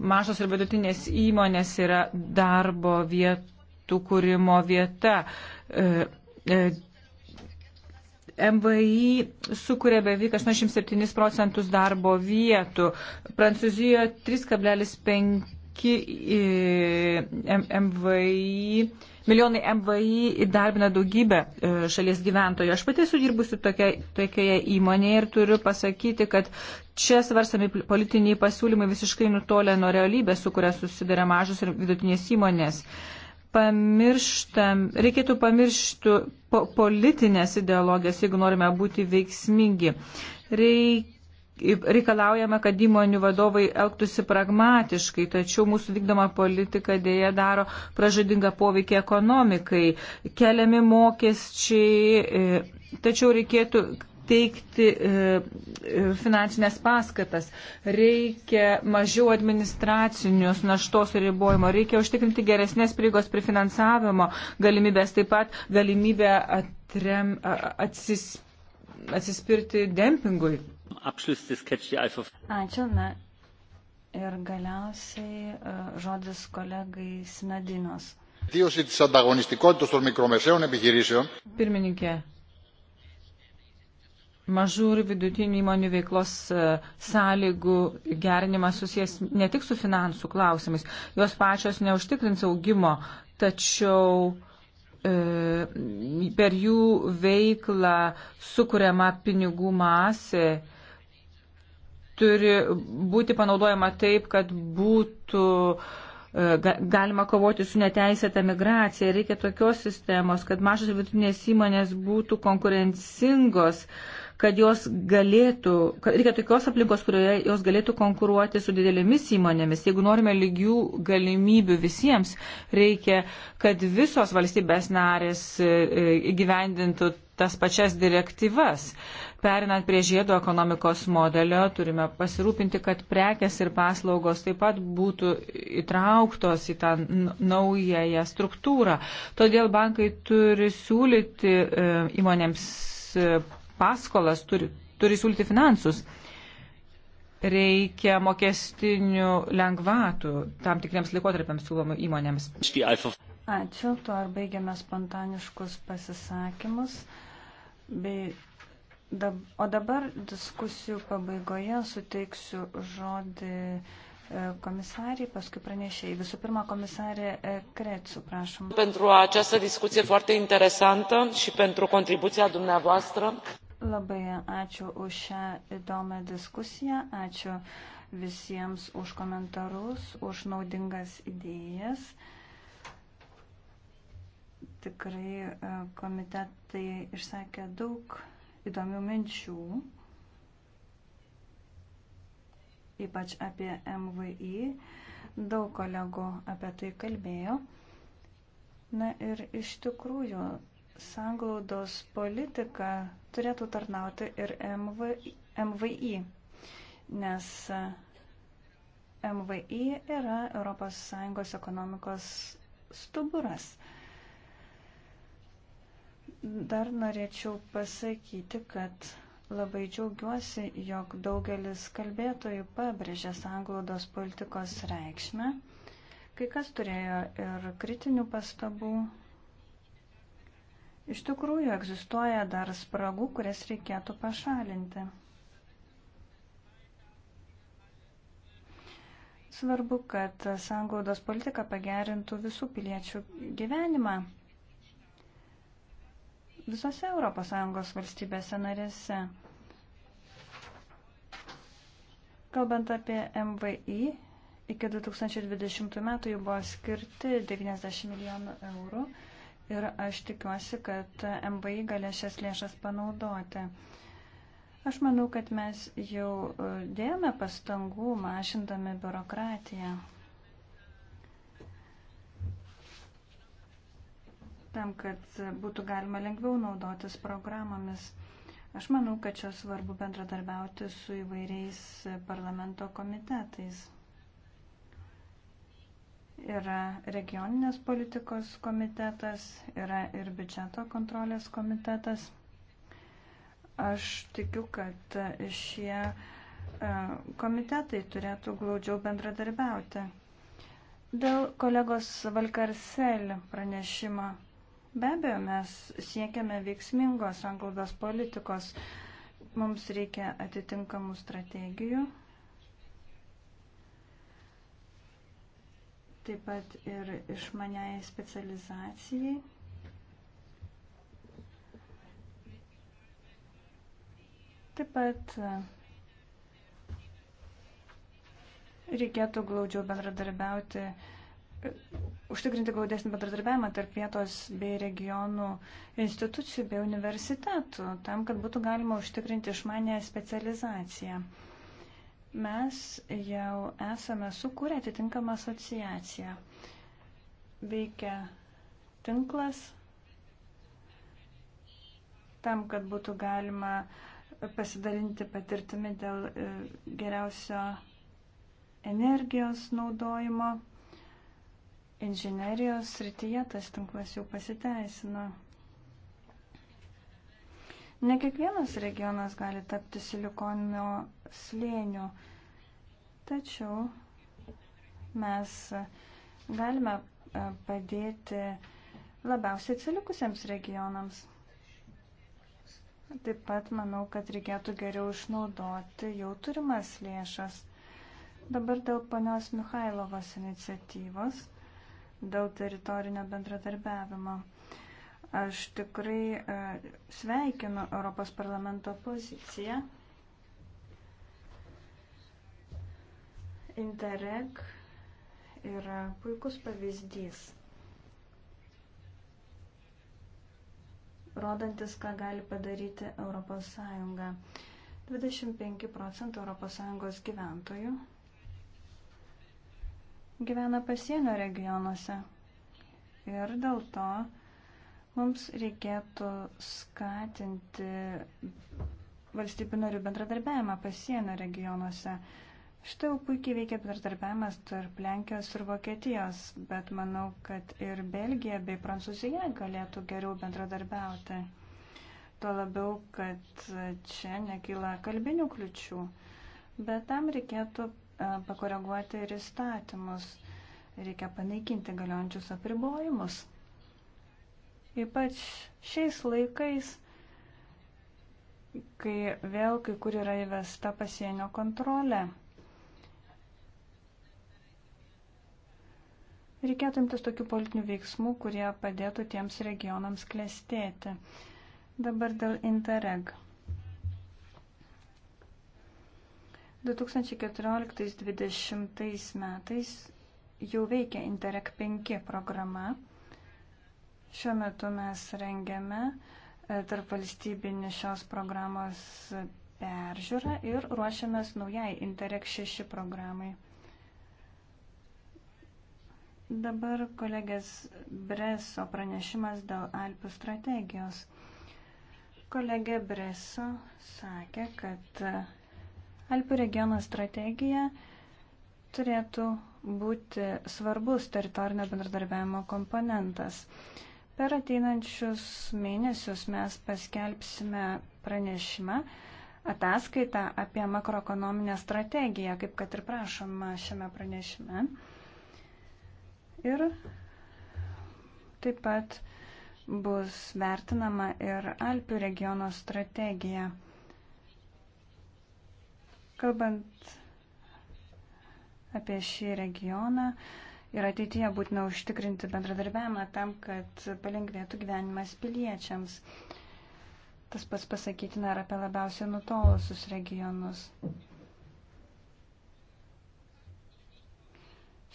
Mažos ir vidutinės įmonės yra darbo vietų vietų kūrimo vieta. E, e, MVI sukuria beveik 87 procentus darbo vietų, Prancūzijoje 3,5 e, MVI, milijonai MVI įdarbina daugybę šalies gyventojų. Aš pati esu dirbusi tokia, tokioje įmonėje ir turiu pasakyti, kad čia svarstami politiniai pasiūlymai visiškai nutolę nuo realybės, su kuria susiduria mažos ir vidutinės įmonės. Uh, pamirštam, reikėtų pamiršti po, politinės ideologijas, jeigu norime būti veiksmingi. Reik, reikalaujama, kad įmonių vadovai elgtųsi pragmatiškai, tačiau mūsų vykdoma politika dėja daro pražadingą poveikį ekonomikai, keliami mokesčiai, e, tačiau reikėtų teikti e, e, finansinės paskatas, reikia mažiau administracinius naštos ribojimo, reikia užtikrinti geresnės prieigos prie finansavimo galimybės, taip pat galimybę atrem, atsis, atsispirti dempingui. Ačiū. Na, ir galiausiai e, žodis kolegai Sinadinos. Pirmininkė, mažų ir vidutinių įmonių veiklos e, sąlygų gerinimas susijęs ne tik su finansų klausimais, jos pačios neužtikrins augimo, tačiau e, per jų veiklą sukuriama pinigų masė turi būti panaudojama taip, kad būtų e, galima kovoti su neteisėta migracija. Reikia tokios sistemos, kad mažos ir vidutinės įmonės būtų konkurencingos. E, kad jos galėtų, kad reikia tokios aplinkos, kurioje jos galėtų konkuruoti su didelėmis įmonėmis. Jeigu norime lygių galimybių visiems, reikia, kad visos valstybės narės e, e, gyvendintų tas pačias direktyvas. Perinant prie žiedo ekonomikos modelio, turime pasirūpinti, kad prekes ir paslaugos taip pat būtų įtrauktos į tą naująją struktūrą. Todėl bankai turi siūlyti e, įmonėms paskolas, turi, turi siūlyti finansus. Reikia mokestinių lengvatų tam tikriems laikotarpiams siūlomų įmonėms. Ačiū, tuo ar baigiame spontaniškus pasisakymus. Bei dab, o dabar diskusijų pabaigoje suteiksiu žodį comisarii, e, paskui pranešėjai. Visų pirma, comisare Crețu, prașum. Pentru această discuție foarte interesantă și pentru contribuția dumneavoastră. Labai ačiū už šią įdomią diskusiją, ačiū visiems už komentarus, už naudingas idėjas. Tikrai e, komitetai išsakė daug įdomių minčių, ypač apie MVI. Daug kolegų apie tai kalbėjo. Na ir iš tikrųjų sanglaudos politika turėtų tarnauti ir MVI, MVI nes e, MVI yra ES ekonomikos stuburas. Dar norėčiau pasakyti, kad labai džiaugiuosi, jog daugelis kalbėtojų pabrėžė sanglaudos politikos reikšmę. Kai kas turėjo ir kritinių pastabų, Iš tikrųjų, egzistuoja dar spragų, kurias reikėtų pašalinti. Svarbu, kad sanglaudos politika pagerintų visų piliečių gyvenimą visose ES valstybėse narėse. Kalbant apie MVI, iki 2020 metų jau buvo skirti 90 milijonų eurų ir aš tikiuosi, kad MVI galės šias lėšas panaudoti. Aš manau, kad mes jau e, dėjome pastangų mažindami biurokratiją. Tam, kad būtų galima lengviau naudotis programomis. Aš manau, kad čia svarbu bendradarbiauti su įvairiais parlamento komitetais yra regioninės politikos komitetas, yra ir biudžeto kontrolės komitetas. Aš tikiu, kad šie e, komitetai turėtų glaudžiau bendradarbiauti. Dėl kolegos Valkarsel pranešimo. Be abejo, mes siekiame veiksmingos anglodos politikos. Mums reikia atitinkamų strategijų, taip pat ir išmaniai specializacijai. Taip pat e, reikėtų glaudžiau bendradarbiauti, e, užtikrinti glaudesnį bendradarbiavimą tarp vietos bei regionų institucijų bei universitetų, tam, kad būtų galima užtikrinti išmanę specializaciją. Mes jau esame sukūrę atitinkamą asociaciją. Veikia tinklas tam, kad būtų galima pasidalinti patirtimi dėl e, geriausio energijos naudojimo. Inžinerijos srityje tas tinklas jau pasiteisino. Ne kiekvienas regionas gali tapti silikonio slėnių. Tačiau mes galime e, padėti labiausiai atsilikusiems regionams. Taip pat manau, kad reikėtų geriau išnaudoti jau turimas lėšas. Dabar dėl panios Mikhailovos iniciatyvos, dėl teritorinio bendradarbiavimo. Aš tikrai e, sveikinu Europos parlamento poziciją Interreg yra puikus pavyzdys, rodantis, ką gali padaryti ES. 25 procentų ES gyventojų gyvena pasienio regionuose ir dėl to mums reikėtų skatinti valstybių narių bendradarbiavimą pasienio regionuose. Štai jau puikiai veikia bendradarbiavimas tarp Lenkijos ir Vokietijos, bet manau, kad ir Belgija bei Prancūzija galėtų geriau bendradarbiauti. Tuo labiau, kad čia nekyla kalbinių kliučių, bet tam reikėtų e, pakoreguoti ir įstatymus, reikia panaikinti galiojančius apribojimus. Ypač šiais laikais, kai vėl kai kur yra įvesta pasienio kontrolė. Reikėtų imtis tokių politinių veiksmų, kurie padėtų tiems regionams klestėti. Dabar dėl Interreg. 2014-2020 metais jau veikia Interreg 5 programa. Šiuo metu mes rengiame e, tarp valstybinį šios programos peržiūrą ir ruošiamės naujai Interreg 6 programai. Dabar kolegės Breso pranešimas dėl Alpių strategijos. Kolegė Breso sakė, kad Alpių regiono strategija turėtų būti svarbus teritorinio bendradarbiavimo komponentas. Per ateinančius mėnesius mes paskelbsime pranešimą ataskaitą apie makroekonominę strategiją, kaip kad ir prašoma šiame pranešime. Ir taip pat bus vertinama ir Alpių regiono strategija. Kalbant apie šį regioną, ir ateityje būtina užtikrinti bendradarbiavimą tam, kad palengvėtų gyvenimas piliečiams. Tas pats pasakytina ir apie labiausiai nutolusius regionus.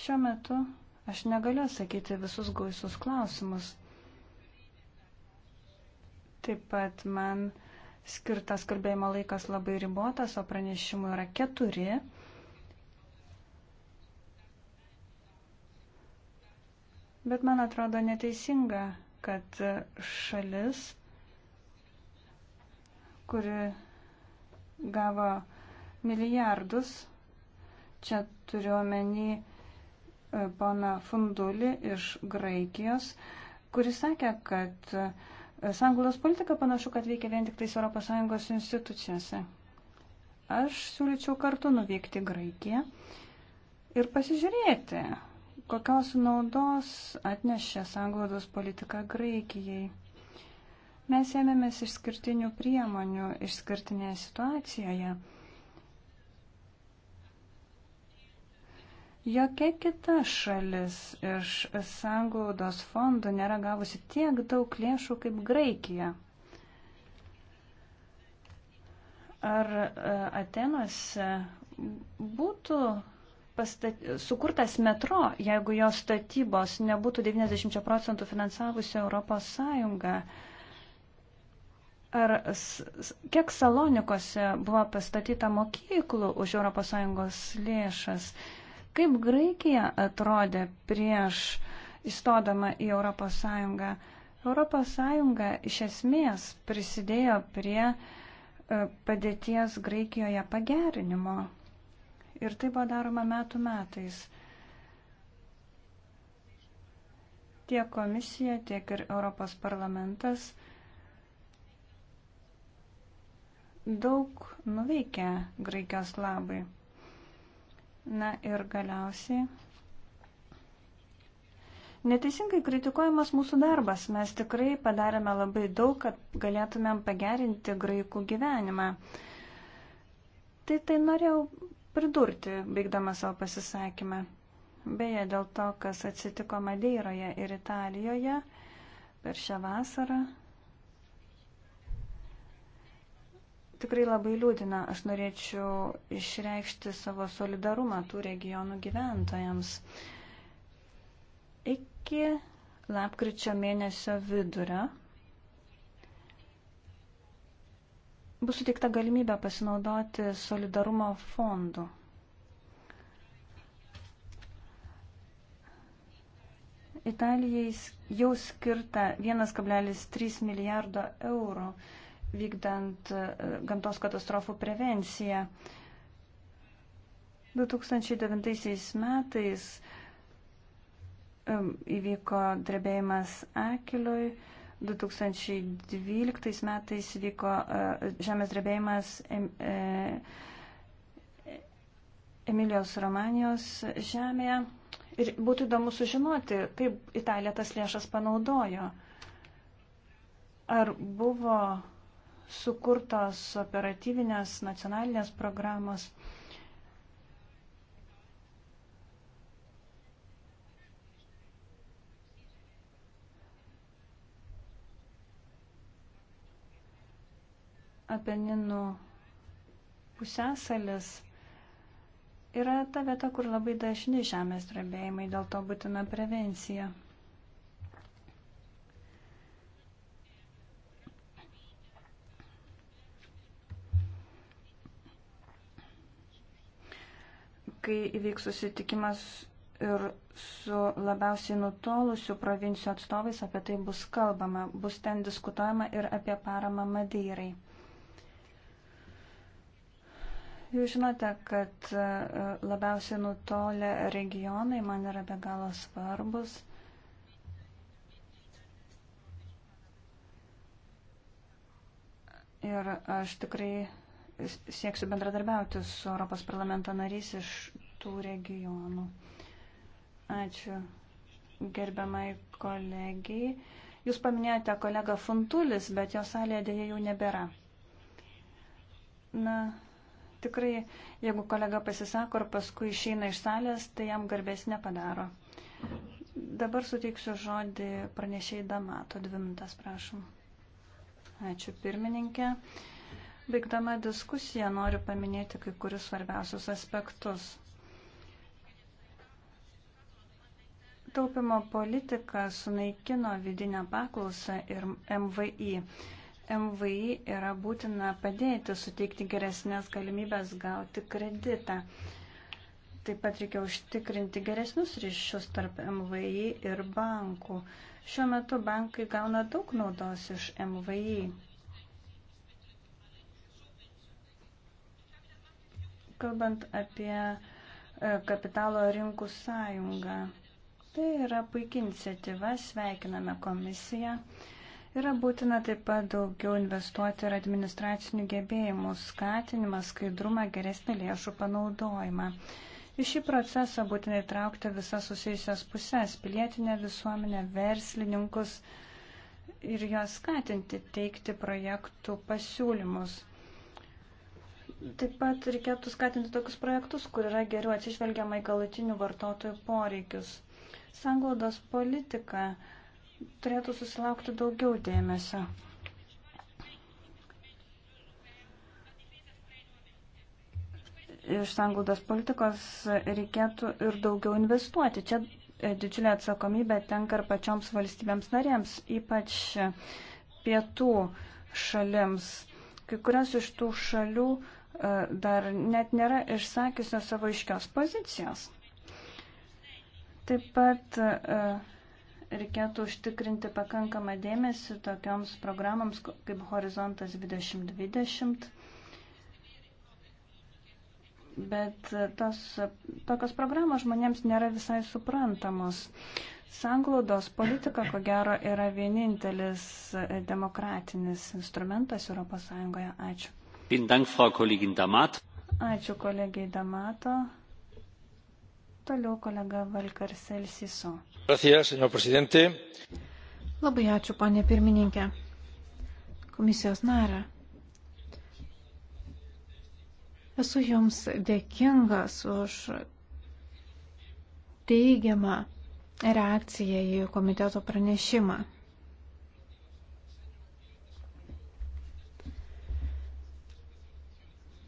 Šiuo metu Aš negaliu sakyti visus gausius klausimus. Taip pat man skirtas kalbėjimo laikas labai ribotas, o pranešimų yra keturi. Bet man atrodo neteisinga, kad šalis, kuri gavo milijardus, čia turiu omenyje, pana Funduli iš Graikijos, kuris sakė, kad e, sanglos politika panašu, kad veikia vien tik tais ES institucijose. Aš siūlyčiau kartu nuvykti Graikiją ir pasižiūrėti, kokios naudos atnešė sanglodos politika Graikijai. Mes ėmėmės išskirtinių priemonių išskirtinėje situacijoje. Jokia kita šalis iš sanglaudos fondų nėra gavusi tiek daug lėšų kaip Graikija. Ar e, Atenuose būtų pastat... sukurtas metro, jeigu jo statybos nebūtų 90 procentų finansavusi Europos Sąjunga? ar kiek Salonikose buvo pastatyta mokyklų už ES lėšas. Kaip Graikija atrodė prieš įstodama į Europos Sąjungą? Europos Sąjunga iš esmės prisidėjo prie e, padėties Graikijoje pagerinimo. Ir tai buvo daroma metų metais. Tiek komisija, tiek ir Europos parlamentas daug nuveikė Graikijos labai. Na ir galiausiai. Neteisingai kritikuojamas mūsų darbas. Mes tikrai padarėme labai daug, kad galėtumėm pagerinti graikų gyvenimą. Tai tai norėjau pridurti, baigdama savo pasisakymą. Beje, dėl to, kas atsitiko Madeiroje ir Italijoje per šią vasarą, tikrai labai liūdina. Aš norėčiau išreikšti savo solidarumą tų regionų gyventojams. Iki lapkričio mėnesio vidurio bus suteikta galimybė pasinaudoti solidarumo fondu. Italijai jau skirta 1,3 milijardo eurų vykdant e, gamtos katastrofų prevenciją. 2009 metais e, įvyko drebėjimas Akiliui, 2012 metais vyko e, žemės drebėjimas Emilijos Romanijos žemėje. Ir būtų įdomu sužinoti, kaip Italija tas lėšas panaudojo. Ar buvo sukurtos operatyvinės nacionalinės programos. Apeninų pusęsalis yra ta vieta, kur labai dažni žemės drebėjimai, dėl to būtina prevencija. kai įvyks susitikimas ir su labiausiai nutolusių provincijų atstovais apie tai bus kalbama, bus ten diskutuojama ir apie paramą Madeirai. Jūs žinote, kad e, labiausiai nutolę regionai man yra be galo svarbus. Ir aš tikrai sieksiu bendradarbiauti su Europos parlamento narys iš tų regionų. Ačiū gerbiamai kolegijai. Jūs paminėjote kolegą Funtulis, bet jo salėje dėja jau nebėra. Na, tikrai, jeigu kolega pasisako ir paskui išeina iš salės, tai jam garbės nepadaro. Dabar suteiksiu žodį pranešėjai Damato. Dvi minutės, prašom. Ačiū pirmininkė. Baigdama diskusiją noriu paminėti kai kurius svarbiausius aspektus. Taupimo politika sunaikino vidinę paklausą ir MVI. MVI yra būtina padėti suteikti geresnės galimybės gauti kreditą. Taip pat reikia užtikrinti geresnius ryšius tarp MVI ir bankų. Šiuo metu bankai gauna daug naudos iš MVI. kalbant apie e, kapitalo rinkų sąjungą. Tai yra puikia iniciatyva, sveikiname komisiją. Yra būtina taip pat daugiau investuoti ir administracinių gebėjimų skatinimą, skaidrumą, geresnį lėšų panaudojimą. Į šį procesą būtina įtraukti visas susijusias pusės - pilietinę visuomenę, verslininkus ir juos skatinti teikti projektų pasiūlymus. Taip pat reikėtų skatinti tokius projektus, kur yra geriau atsižvelgiama į galutinių vartotojų poreikius. Sanglaudos politika turėtų susilaukti daugiau dėmesio. Iš sanglaudos politikos reikėtų ir daugiau investuoti. Čia e, didžiulė atsakomybė tenka ir pačioms valstybėms narėms, ypač pietų šalims. Kai kurias iš tų šalių uh, E, dar net nėra išsakiusios savo iškios pozicijos. Taip pat e, reikėtų užtikrinti pakankamą dėmesį tokioms programams kaip Horizontas 2020. Bet e, tos, tokios programos žmonėms nėra visai suprantamos. Sanglaudos politika, ko gero, yra vienintelis demokratinis instrumentas ES. Ačiū. Ačiū kolegiai Damato. Toliau kolega Valkarsel Siso. Labai ačiū, ponė pirmininkė. Komisijos narė. Esu Jums dėkingas už teigiamą reakciją į komiteto pranešimą.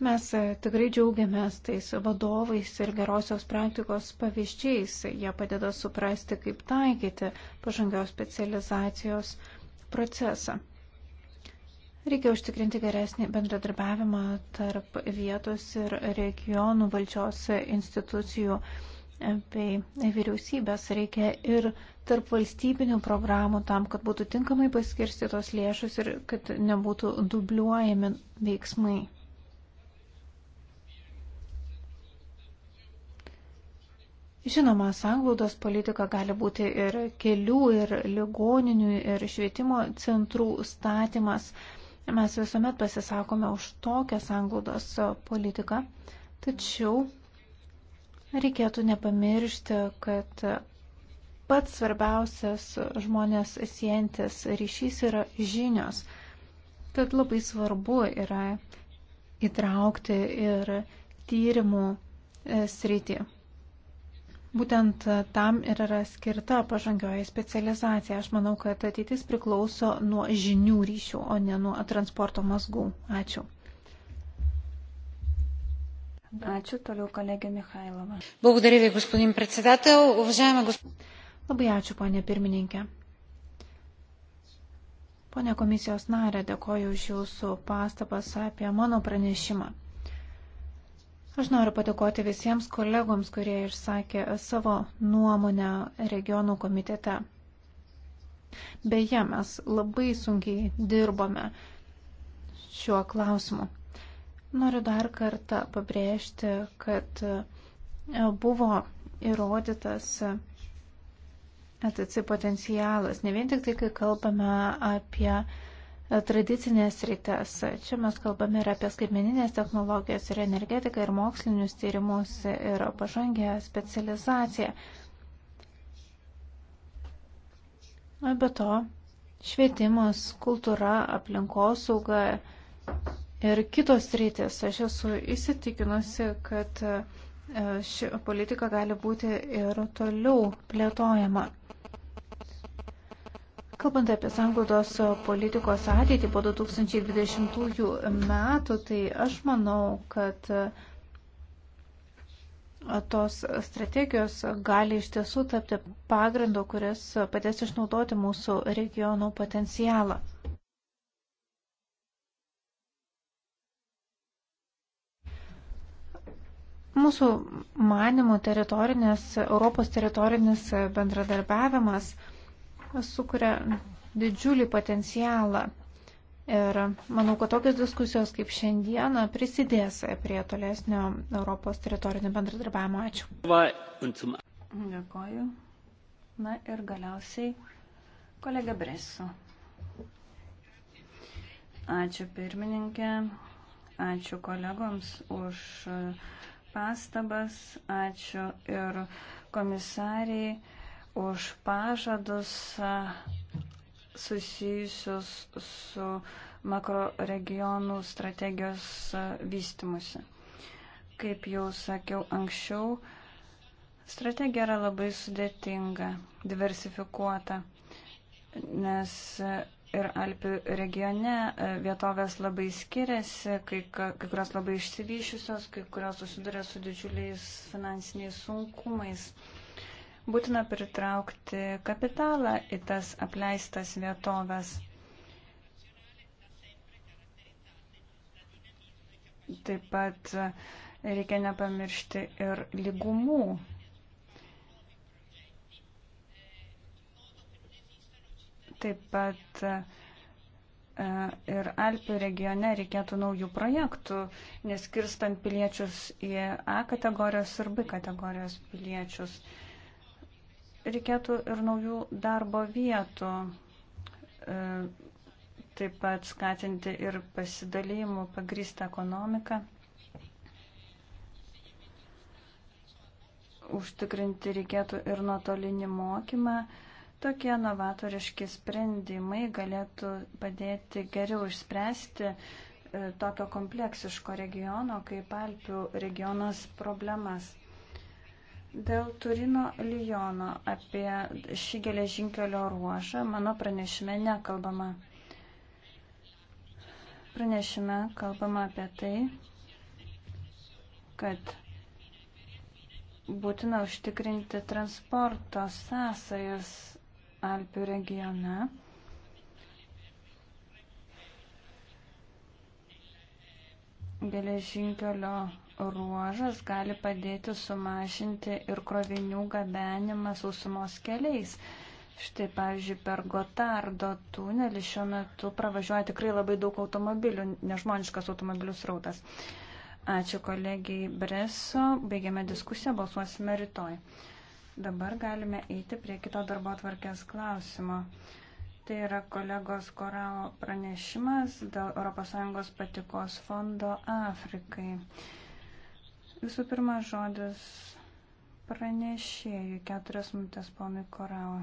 Mes e, tikrai džiaugiamės tais vadovais ir gerosios praktikos pavyzdžiais. Jie padeda suprasti, kaip taikyti pažangios specializacijos procesą. Reikia užtikrinti geresnį bendradarbiavimą tarp vietos ir regionų valdžios institucijų e, bei vyriausybės. Reikia ir tarp valstybinių programų tam, kad būtų tinkamai paskirstytos lėšus ir kad nebūtų dubliuojami veiksmai. Žinoma, sanglaudos politika gali būti ir kelių, ir ligoninių, ir švietimo centrų statymas. Mes visuomet pasisakome už tokią sanglaudos politiką, tačiau reikėtų nepamiršti, kad pats svarbiausias žmonės siejantis ryšys yra žinios. Tad labai svarbu yra įtraukti ir tyrimų sritį. Būtent tam ir yra skirta pažangioji specializacija. Aš manau, kad ateitis priklauso nuo žinių ryšių, o ne nuo transporto mazgų. Ačiū. Ačiū toliau kolegė Mikhailova. Благодаря ви, господин председател. Уважаема господин. Labai ačiū, ponė pirmininkė. Pone komisijos narė, dėkoju už jūsų pastabas apie mano pranešimą. Aš noriu padėkoti visiems kolegoms, kurie išsakė savo nuomonę regionų komitete. Beje, mes labai sunkiai dirbome šiuo klausimu. Noriu dar kartą pabrėžti, kad e, buvo įrodytas e, ATC potencialas. Ne vien tik tai, kai kalbame apie tradicinės rytes. Čia mes kalbame ir apie skaitmeninės technologijas, ir energetiką, ir mokslinius tyrimus, ir pažangę specializaciją. Be to, švietimas, kultūra, aplinkosauga ir kitos rytis. Aš esu įsitikinusi, kad e, ši politika gali būti ir toliau plėtojama. Kalbant apie sanglaudos politikos ateitį po 2020 metų, tai aš manau, kad tos strategijos gali iš tiesų tapti pagrindu, kuris padės išnaudoti mūsų regionų potencialą. Mūsų manimų teritorinės, Europos teritorinis bendradarbiavimas – sukuria didžiulį potencialą. Ir manau, kad tokios diskusijos kaip šiandieną prisidės prie tolesnio Europos teritorinio bendradarbiavimo. Ačiū. Dėkoju. Na ir galiausiai kolega Bresu. Ačiū pirmininkė, ačiū kolegoms už pastabas, ačiū ir komisariai už pažadus e, susijusius su makroregionų strategijos e, vystimusi. Kaip jau sakiau anksčiau, strategija yra labai sudėtinga, diversifikuota, nes e, ir Alpių regione vietovės labai skiriasi, kai, kai kurios labai išsivyšiusios, kai kurios susiduria su didžiuliais finansiniais sunkumais. Būtina pritraukti kapitalą į tas apleistas vietovės. Taip pat reikia nepamiršti ir lygumų taip pat e, ir Alpių regione reikėtų naujų projektų, neskirstant piliečius į A kategorijos ir B kategorijos piliečius. E, reikėtų ir naujų darbo vietų, e, taip pat skatinti ir pasidalymų pagrįstą ekonomiką, užtikrinti reikėtų ir nuotolinį mokymą. Tokie novatoriški sprendimai galėtų padėti geriau išspręsti e, tokio kompleksiško regiono kaip Alpių regionas problemas. Dėl Turino Lijono apie šį geležinkelio ruožą mano pranešime nekalbama. Pranešime kalbama apie tai, kad būtina užtikrinti transporto sąsajas Alpių regione. Geležinkelio ruožas gali padėti sumažinti ir krovinių gabenimą sausumos keliais. Štai, pavyzdžiui, per Gotardo tunelį šiuo metu pravažiuoja tikrai labai daug automobilių, nežmoniškas automobilių srautas. Ačiū kolegijai Breso, baigiame diskusiją, balsuosime rytoj. Dabar galime eiti prie kito darbo atvarkės klausimo. Tai yra kolegos Korao pranešimas dėl ES patikos fondo Afrikai. Visų pirma, žodis pranešėjai keturias minutės ponui Koralą.